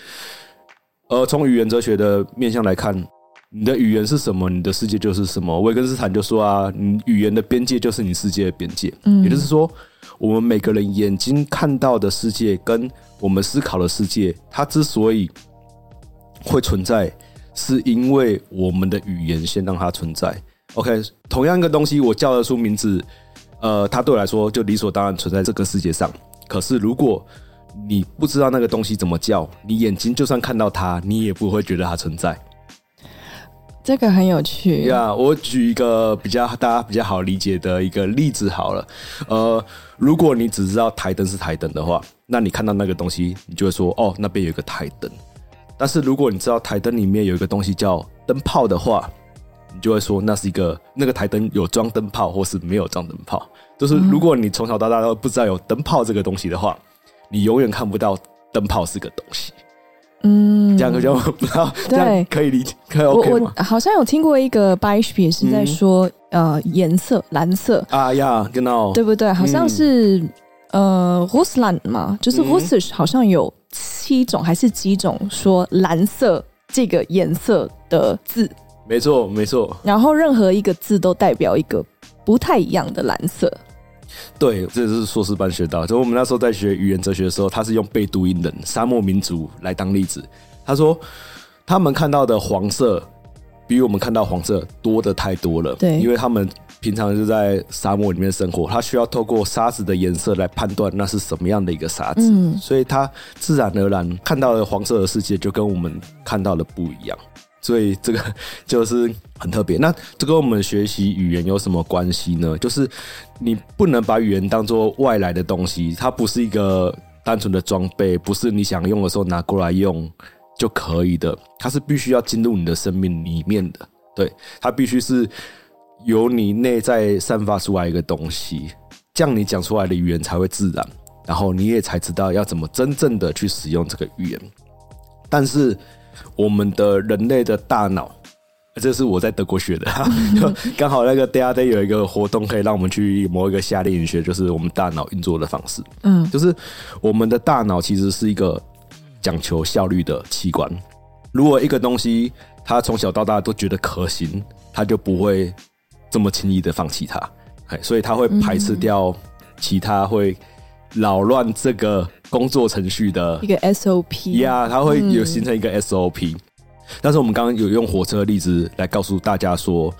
呃，從語言哲學的面向來看，你的語言是什麼，你的世界就是什麼。維根斯坦就說啊，你語言的邊界就是你世界的邊界。嗯、也就是說。我們每個人眼睛看到的世界，跟我們思考的世界，它之所以會存在，是因為我們的語言先讓它存在。OK，同樣一個東西，我叫得出名字，呃，它對我來說就理所當然存在這個世界上。可是如果你不知道那個東西怎麼叫，你眼睛就算看到它，你也不會覺得它存在。
這個很有趣呀、啊！Yeah,
我舉一個比較大家比較好理解的一個例子好了，呃，如果你只知道檯燈是檯燈的話，那你看到那個東西，你就會說哦，那邊有一個檯燈。但是如果你知道檯燈裡面有一個東西叫燈泡的話，你就會說那是一個那個檯燈有裝燈泡或是沒有裝燈泡。就是如果你從小到大都不知道有燈泡這個東西的話，你永遠看不到燈泡是個東西。嗯，這樣子就好。對，可以理解。可 OK、我我
好像有聽過一個巴西語，是在說、嗯、呃顏色藍色
啊呀，跟、uh, genau, 對不對？好像是、
嗯、呃 Whose Land 嘛，就是 Whose 好像有七種還是幾種說藍色這個顏色的
字。沒錯，沒錯。
然後任何一個字都代表一個不太一樣的藍色。
對，這就是碩士班學到。就我們那時候在學語言哲學的時候，他是用貝都因的沙漠民族來當例子。他說，他們看到的黃色比我們看到黃色多得太多了。對，因為他們平常就在沙漠裡面生活，他需要透過沙子的顏色來判斷那是什麼樣的一個沙子，嗯、所以他自然而然看到的黃色的世界就跟我們看到的不一樣。所以這個就是很特別，那這跟我們學習語言有什麼關係呢？就是你不能把語言當做外來的東西，它不是一個單純的裝備，不是你想用的時候拿過來用就可以的，它是必須要進入你的生命裡面的。對，它必須是由你內在散發出來的一個東西，這樣你講出來的語言才會自然，然後你也才知道要怎麼真正的去使用這個語言。但是。我們的人類的大腦，這是我在德國學的，啊，剛 好那個 Day Day 有一個活動可以讓我們去摸一個夏令營學，就是我們大腦運作的方式。嗯，就是我們的大腦其實是一個講求效率的器官。如果一個東西它從小到大都覺得可行，它就不會這麼輕易的放棄它。嘿，所以它會排斥掉其他會擾亂這個。工作程序的一
個 SOP 呀，它會有形成
一個 SOP，、嗯、但是我們剛剛有用火車例子來告訴大家說，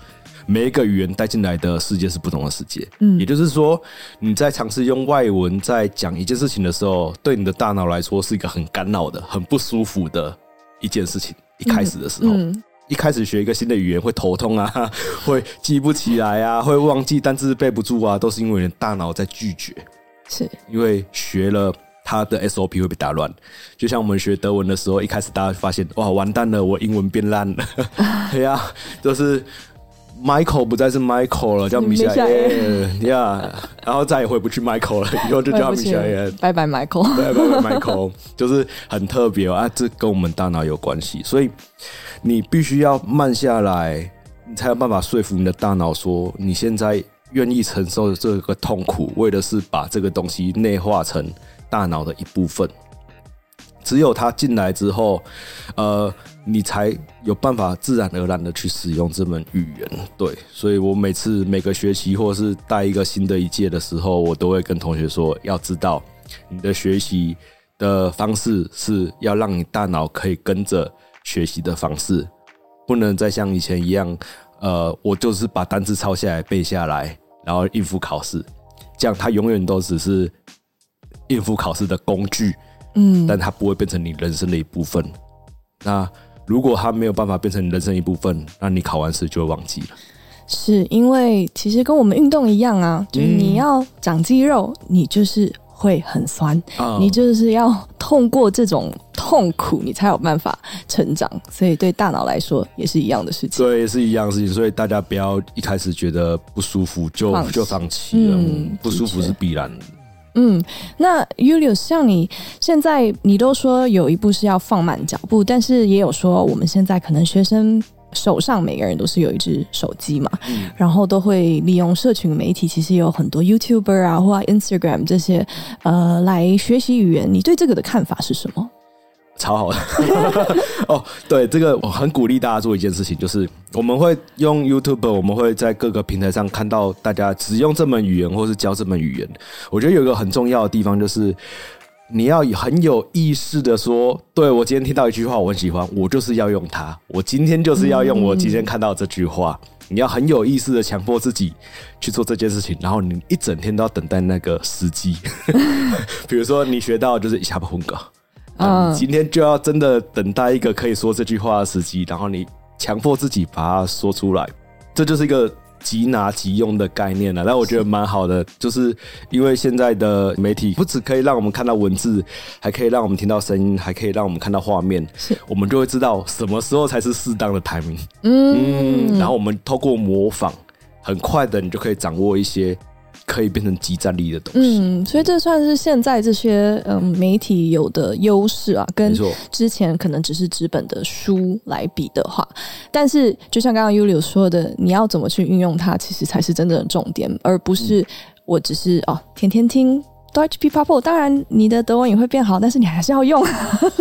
每一個語言帶進來的世界是不同的世界，嗯，也就是說你在嘗試用外文在講一件事情的時候，對你的大腦來說是一個很干擾的、很不舒服的一件事情。一開始的時候，嗯嗯、一開始學一個新的語言會頭痛啊，會記不起來啊，會忘記單字背不住啊，都是因為你的大腦在拒絕，是因為學了。他的 SOP 會被打亂，就像我們學德文的時候，一開始大家發現哇，完蛋了，我英文變爛了。對呀，就是 Michael 不再是 Michael 了， 叫米夏耶，呀，Yeah, 然後再也回不去 Michael 了，以後就叫米夏耶，
拜拜 Michael，拜拜 Michael，
就是很特別、哦、 啊，這跟我們大腦有關係，所以你必須要慢下來，你才有辦法說服你的大腦說，你現在願意承受這個痛苦，為的是把這個東西內化成。大腦的一部分，只有它進來之後，呃，你才有辦法自然而然的去使用這門語言。對，所以我每次每個學期或是帶一個新的一屆的時候，我都會跟同學說：要知道你的學習的方式是要讓你大腦可以跟着學習的方式，不能再像以前一樣，呃，我就是把單詞抄下來背下來，然後應付考試，這樣它永遠都只是。應付考試的工具，嗯，但它不會變成你人生的一部分。那如果它沒有辦法變成你人生一部分，那你考完試就會忘記了。
是因為其實跟我們運動一樣啊，就是、你要長肌肉，嗯、你就是會很酸，嗯、你就是要通過這種痛苦，你才有辦法成長。所以對大腦來說也是一樣
的事情，對，是一樣的事情。所以大家不要一開始覺得不舒服就放棄就放棄了，嗯嗯，不舒服是必然。必然
嗯，那 Julius 像你現在你都說有一步是要放慢腳步，但是也有說我們現在可能學生手上每個人都是有一隻手機嘛，嗯、然後都會利用社群媒體，其實有很多 YouTuber 啊或者 Instagram 這些呃來學習語言，你對這個的看法是什麼？
超好的 哦！對，這個我很鼓勵大家做一件事情，就是我們會用 YouTube，我們會在各個平台上看到大家只用這門語言，或是教這門語言。我覺得有一個很重要的地方，就是你要很有意識的說：“對，我今天聽到一句話，我很喜歡，我就是要用它。我今天就是要用我今天看到這句話。”嗯嗯嗯、你要很有意識的強迫自己去做這件事情，然後你一整天都要等待那個時機。 比如說，你學到就是一下文稿。 你、嗯 uh, 今天就要真的等待一個可以說這句話的時機，然後你強迫自己把它說出來，這就是一個即拿即用的概念了。但我覺得蠻好的，是就是因為現在的媒體不只可以讓我們看到文字，還可以讓我們聽到聲音，還可以讓我們看到畫面，是我們就會知道什麼時候才是適當的 timing。嗯，嗯，然後我們透過模仿，很快的你就可以掌握一些。可以變成集戰力的東
西，嗯，所以這算是現在這些嗯媒體有的優勢啊，跟之前可能只是紙本的書來比的話，但是就像剛剛 Uliu 說的，你要怎麼去運用它，其實才是真正的重點，而不是我只是哦，天天聽 d u t c h p p 當然你的德文也會變好，但是你還是要用它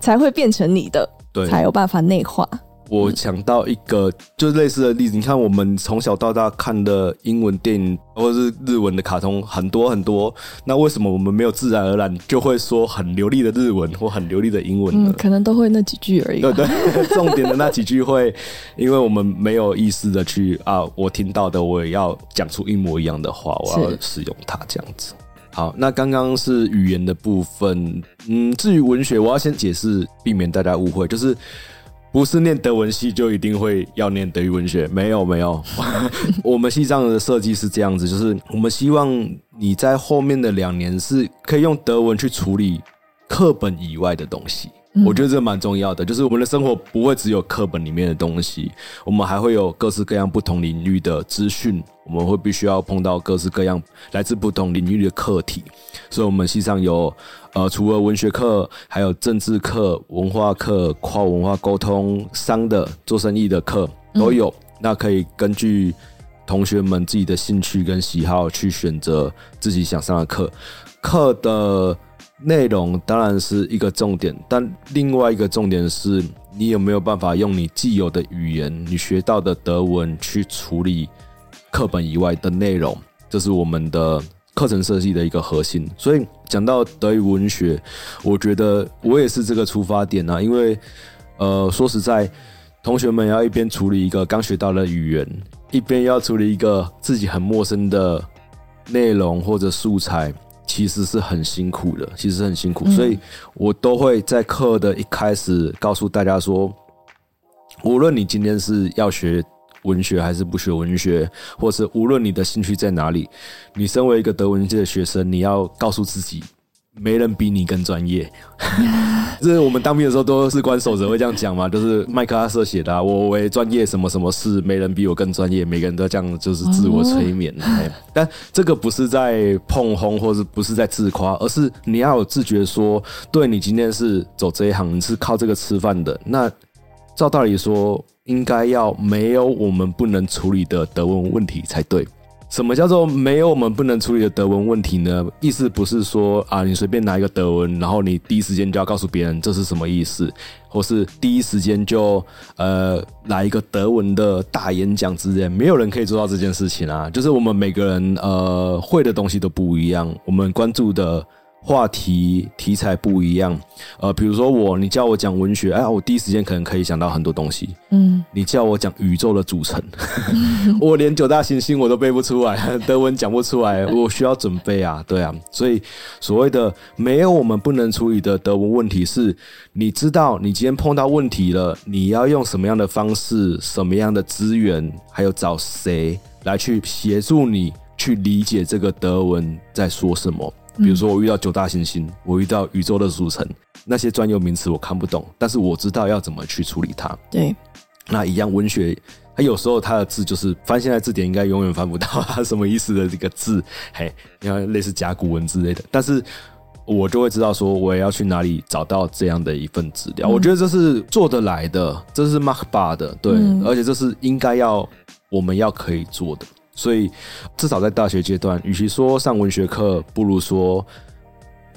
才會變成你的，對才有辦法內化。
我想到一個、嗯、就類似的例子，你看我們從小到大看的英文電影或者是日文的卡通很多很多，那為什麼我們沒有自然而然就會說很流利的日文或很流利的英文呢？
呢、嗯、可能都會那幾句而已。對，對對，重點的
那幾句會，因為我們沒有意識的去 啊，我聽到的我也要講出一模一樣的話，我要使用它這樣子。是好，那剛剛是語言的部分，嗯，至於文學，我要先解釋，避免大家誤會，就是。不是念德文系就一定會要念德語文學，沒有沒有， 我們系上的設計是這樣子，就是我們希望你在後面的兩年是可以用德文去處理課本以外的東西。我覺得這蠻重要的，就是我們的生活不會只有課本裡面的東西，我們還會有各式各樣不同領域的資訊，我們會必須要碰到各式各樣來自不同領域的課題，所以我們系上有呃除了文學課，還有政治課、文化課、跨文化溝通、商的做生意的課都有，嗯、那可以根據同學們自己的興趣跟喜好去選擇自己想上的課，課的。內容當然是一個重點，但另外一個重點是，你有沒有辦法用你既有的語言，你學到的德文去處理課本以外的內容？這是我們的課程設計的一個核心。所以講到德語文學，我覺得我也是這個出發點啊，因為呃，說實在，同學們要一邊處理一個剛學到的語言，一邊要處理一個自己很陌生的內容或者素材。其實是很辛苦的，其實很辛苦，嗯、所以我都會在課的一開始告訴大家說，無論你今天是要學文學還是不學文學，或是無論你的興趣在哪裡，你身為一個德文系的學生，你要告訴自己。沒人比你更專業， 就是我們當兵的時候，都是士官守則會這樣講嘛，都是麥克阿瑟寫的、啊，我為專業什麼什麼事，沒人比我更專業，每個人都這樣，就是自我催眠、哦。但這個不是在碰轟，或者不是在自誇，而是你要有自覺，說對你今天是走這一行，你是靠這個吃飯的。那照道理說，應該要沒有我們不能處理的德文問題才對。什麼叫做沒有我們不能處理的德文問題呢？意思不是說啊，你隨便拿一個德文，然後你第一時間就要告訴別人這是什麼意思，或是第一時間就呃來一個德文的大演講之類，沒有人可以做到這件事情啊。就是我們每個人呃會的東西都不一樣，我們關注的。話題題材不一樣，呃，比如說我，你叫我講文學，哎，我第一時間可能可以想到很多東西，嗯，你叫我講宇宙的組成， 我連九大行星我都背不出來， 德文講不出來，我需要準備啊，對啊，所以所謂的沒有我們不能處理的德文問題，是，你知道你今天碰到問題了，你要用什麼樣的方式，什麼樣的資源，還有找誰來去協助你去理解這個德文在說什麼。比如說我遇到九大行星，星，嗯、我遇到宇宙的組成，那些專有名詞我看不懂，但是我知道要怎麼去處理它。
對，
那一樣文學，它有時候它的字就是翻現在字典應該永遠翻不到它什麼意思的這個字，嘿，你看類似甲骨文之類的，但是我就會知道說我也要去哪裡找到這樣的一份資料。嗯、我覺得這是做得來的，這是 Mark 爸的，對，嗯、而且這是應該要我們要可以做的。所以，至少在大學階段，與其說上文學課，不如說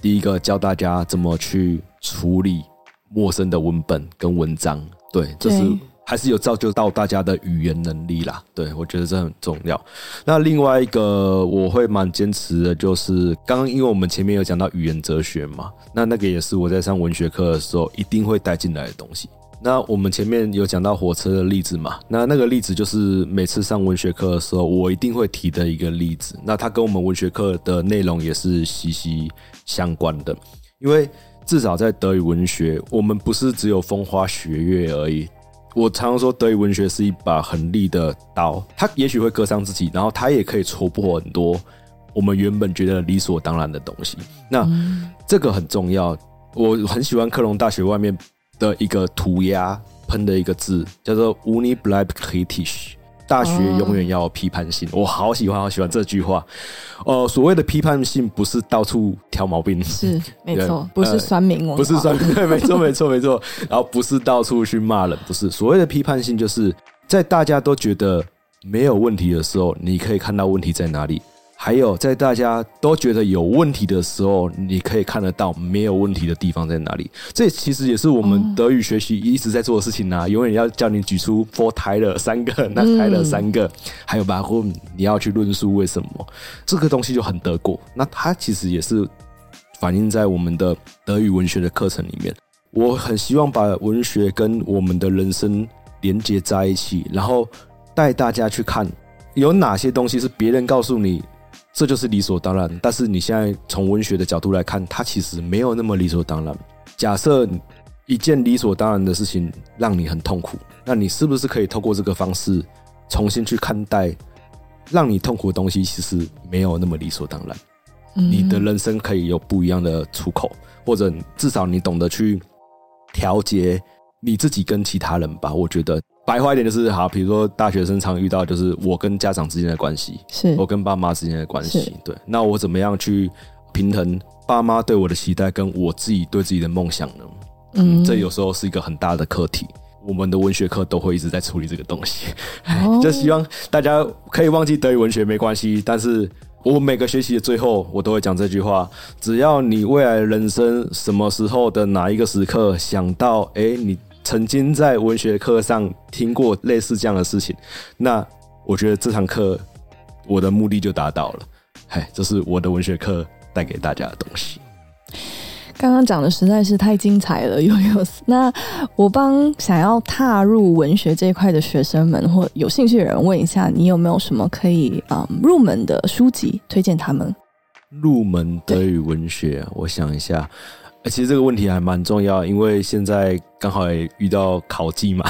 第一個教大家怎麼去處理陌生的文本跟文章。對，這是還是有造就到大家的語言能力啦。對，我覺得這很重要。那另外一個我會蠻堅持的，就是剛剛因為我們前面有講到語言哲學嘛，那那個也是我在上文學課的時候一定會帶進來的東西。那我們前面有講到火車的例子嘛，那那個例子就是每次上文學課的時候，我一定會提的一個例子。那它跟我們文學課的內容也是息息相關的，因為至少在德語文學，我們不是只有風花雪月而已。我常常說，德語文學是一把很利的刀，它也許會割傷自己，然後它也可以戳破很多我們原本覺得理所當然的東西。那這個很重要，我很喜歡科隆大學外面，的一個塗鴉噴的一個字叫做「Uni bleibt kritisch」，大學永遠要有批判性，哦、我好喜歡好喜歡這句話。哦、呃，所謂的批判性不是到處挑毛病，是
沒錯，嗯、不是酸民、呃、不是酸。對，沒錯， 沒
錯，沒錯。然後不是到處去罵人，不是所謂的批判性，就是在大家都覺得沒有問題的時候，你可以看到問題在哪裡。還有，在大家都覺得有問題的時候，你可以看得到沒有問題的地方在哪裡。這其實也是我們德語學習一直在做的事情啊。嗯、永遠要叫你舉出 Vorteile 三個，那 Nachteile 三個，嗯、還有把 w 你要去論述為什麼這個東西就很德國。那它其實也是反映在我們的德語文學的課程裡面。我很希望把文學跟我們的人生連結在一起，然後帶大家去看有哪些東西是別人告訴你，這就是理所當然，但是你現在從文學的角度來看，它其實沒有那麼理所當然。假設一件理所當然的事情讓你很痛苦，那你是不是可以透過這個方式重新去看待讓你痛苦的東西？其實沒有那麼理所當然。嗯、你的人生可以有不一樣的出口，或者至少你懂得去調節你自己跟其他人吧。我覺得。白話一點就是哈，比如說大學生常遇到的就是我跟家長之間的關係，是我跟爸媽之間的關係。是對，那我怎麼樣去平衡爸媽對我的期待跟我自己對自己的夢想呢？嗯，嗯，這有時候是一個很大的課題。我們的文學課都會一直在處理這個東西。 就希望大家可以忘記德語文學沒關係，但是我每個學期的最後我都會講這句話：只要你未來人生什麼時候的哪一個時刻想到，哎，欸，你。曾經在文學課上聽過類似這樣的事情，那我覺得這堂課我的目的就達到了。哎，這是我的文學課帶給大家的東西。
剛剛講的實在是太精彩了，Julius 那我幫想要踏入文學這一塊的學生們或有興趣的人問一下，你有沒有什麼可以啊、嗯、入門的書籍推薦他們？
入門對於文學，對我想一下。其實這個問題還蠻重要，因為現在剛好也遇到考季嘛，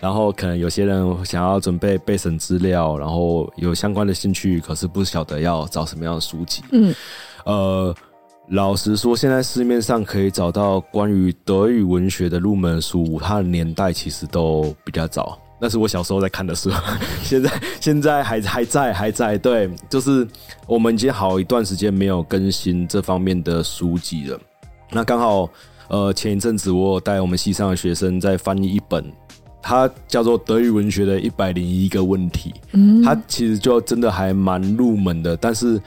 然後可能有些人想要準備備審資料，然後有相關的興趣，可是不曉得要找什麼樣的書籍。嗯，呃，老實說，現在市面上可以找到關於德語文學的入門書，它的年代其實都比較早。那是我小時候在看的書，現在現在還還在還在。對，就是我們已經好一段時間沒有更新這方面的書籍了。那剛好，呃，前一陣子我有帶我們系上的學生在翻譯一本，它叫做《德語文學的一百零一個問題》，嗯，它其實就真的還蠻入門的，但是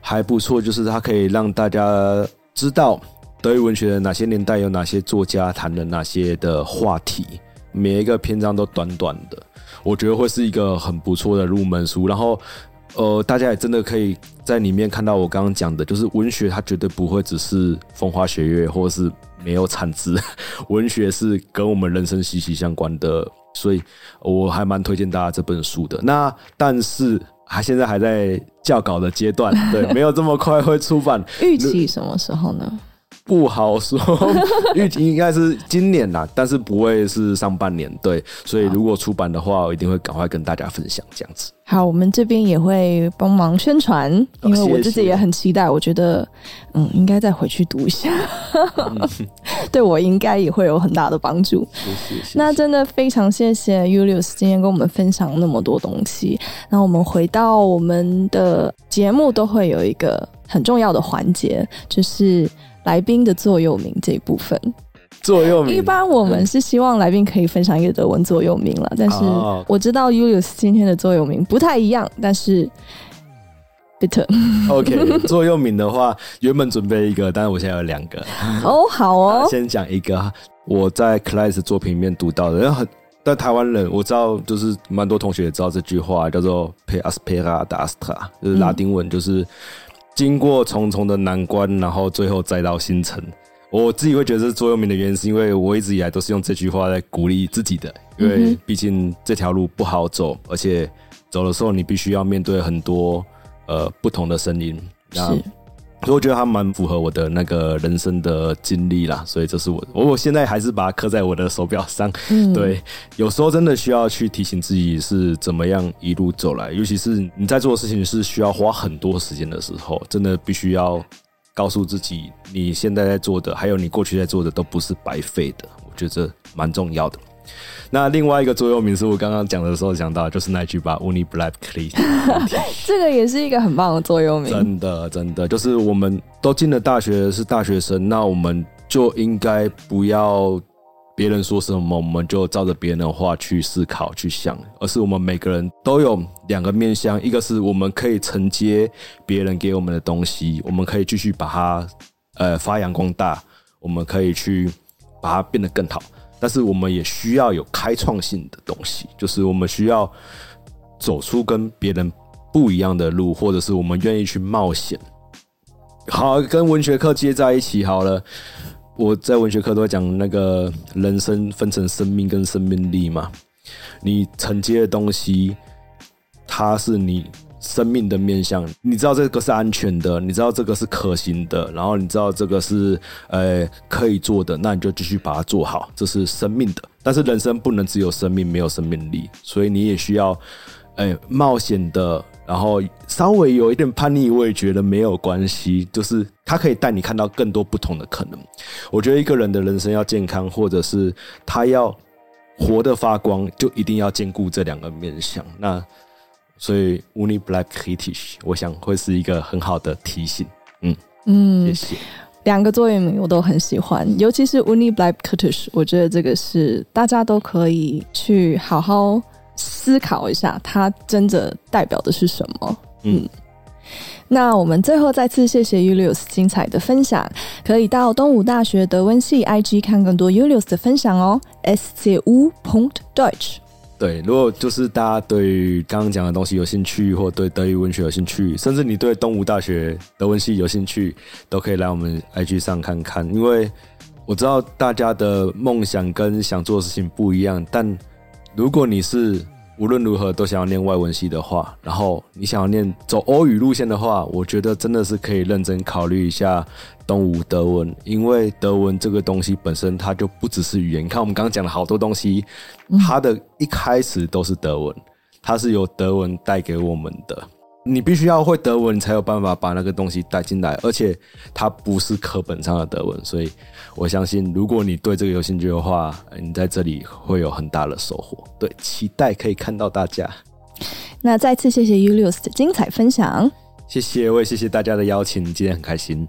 還不錯，就是它可以讓大家知道德語文學的哪些年代有哪些作家談了哪些的話題，每一個篇章都短短的，我覺得會是一個很不錯的入門書，然後。呃，大家也真的可以在裡面看到我剛剛講的，就是文學它絕對不會只是風花雪月，或者是沒有產值。文學是跟我們人生息息相關的，所以我還蠻推薦大家這本書的。那但是還、啊、現在還在校稿的階段， 對，沒有這麼快會出版。預 期
什麼時候呢？
不好說，預計 應該是今年啦， 但是不會是上半年。對，所以如果出版的話，好我一定會趕快跟大家分享。這樣子，
好，我們這邊也會幫忙宣傳，哦、因為我自己也很期待。謝謝。我覺得，嗯，應該再回去讀一下， 嗯、對，我應該也會有很大的幫助。謝謝謝謝。那真的非常謝謝 Julius 今天跟我們分享那麼多東西。那我們回到我們的節目，都會有一個很重要的環節，就是。來賓的座右銘這一部分，座右銘一般我們是希望來賓可以分享一個德文座右銘了。嗯、但是我知道 Julius 今天的座右銘不太一樣，但是，Bitte。嗯、Bitte. OK，
座右銘的話， 原本準備一個，但是我現在有兩個。 oh, 哦，
好哦、呃，
先講一個，我在 Kleist 的作品裡面讀到的，然後很在台灣人，我知道就是蠻多同學也知道這句話叫做 Per aspera ad astra，就是拉丁文，就是。嗯經過重重的難關，然後最後再到星辰。我自己會覺得這是座右銘的原因，是因為我一直以來都是用這句話來鼓勵自己的。嗯、哼因為畢竟這條路不好走，而且走的時候你必須要面對很多呃不同的聲音。所以我覺得它蠻符合我的那個人生的經歷啦，所以這是我我我現在還是把它刻在我的手錶上。嗯，對，有時候真的需要去提醒自己是怎麼樣一路走來，尤其是你在做的事情是需要花很多時間的時候，真的必須要告訴自己，你現在在做的，還有你過去在做的，都不是白費的。我覺得這蠻重要的。那另外一個座右銘是我剛剛講的時候講到，就是那句吧 „Uni bleibt
kritisch“，這個也是一個很棒的座右銘。真
的，真的，就是我們都進了大學是大學生，那我們就應該不要別人說什麼，我們就照着別人的話去思考、去想。而是我們每個人都有兩個面向，一個是我們可以承接別人給我們的東西，我們可以繼續把它呃發揚光大，我們可以去把它變得更好。但是我們也需要有開創性的東西，就是我們需要走出跟別人不一樣的路，或者是我們願意去冒險。好，跟文學課接在一起好了。我在文學課都會講那個人生分成生命跟生命力嘛，你承接的東西，它是你。生命的面向，你知道這個是安全的，你知道這個是可行的，然後你知道這個是，呃，可以做的，那你就繼續把它做好，這是生命的。但是人生不能只有生命，沒有生命力，所以你也需要，哎，冒險的，然後稍微有一點叛逆，我也覺得沒有關係，就是它可以帶你看到更多不同的可能。我覺得一個人的人生要健康，或者是他要活得發光，就一定要兼顧這兩個面向。那。所以，Uni bleibt kritisch，我想會是一個很好的提醒。
嗯嗯，謝謝。兩個座右銘我都很喜歡，尤其是 Uni bleibt kritisch，我覺得這個是大家都可以去好好思考一下，它真的代表的是什麼。嗯,嗯。那我們最後再次謝謝 Julius 精彩的分享，可以到東吳大學德文系 IG 看更多 Julius 的分享哦。SCU Punkt Deutsch
對，如果就是大家對剛剛講的東西有興趣，或對德語文學有興趣，甚至你對東吳大學德文系有興趣，都可以來我們 IG 上看看，因為我知道大家的夢想跟想做的事情不一樣，但如果你是。無論如何都想要念外文系的話，然後你想要念走歐語路線的話，我覺得真的是可以認真考慮一下東吳德文，因為德文這個東西本身它就不只是語言。你看我們剛剛講的好多東西，它的一開始都是德文，它是由德文帶給我們的。你必須要會德文，才有辦法把那個東西帶進來。而且它不是課本上的德文，所以我相信，如果你對這個有興趣的話，你在這裡會有很大的收穫。對，期待可以看到大家。
那再次謝謝 Julius 的精彩分享，
謝謝，我也謝謝大家的邀請，今天很開心。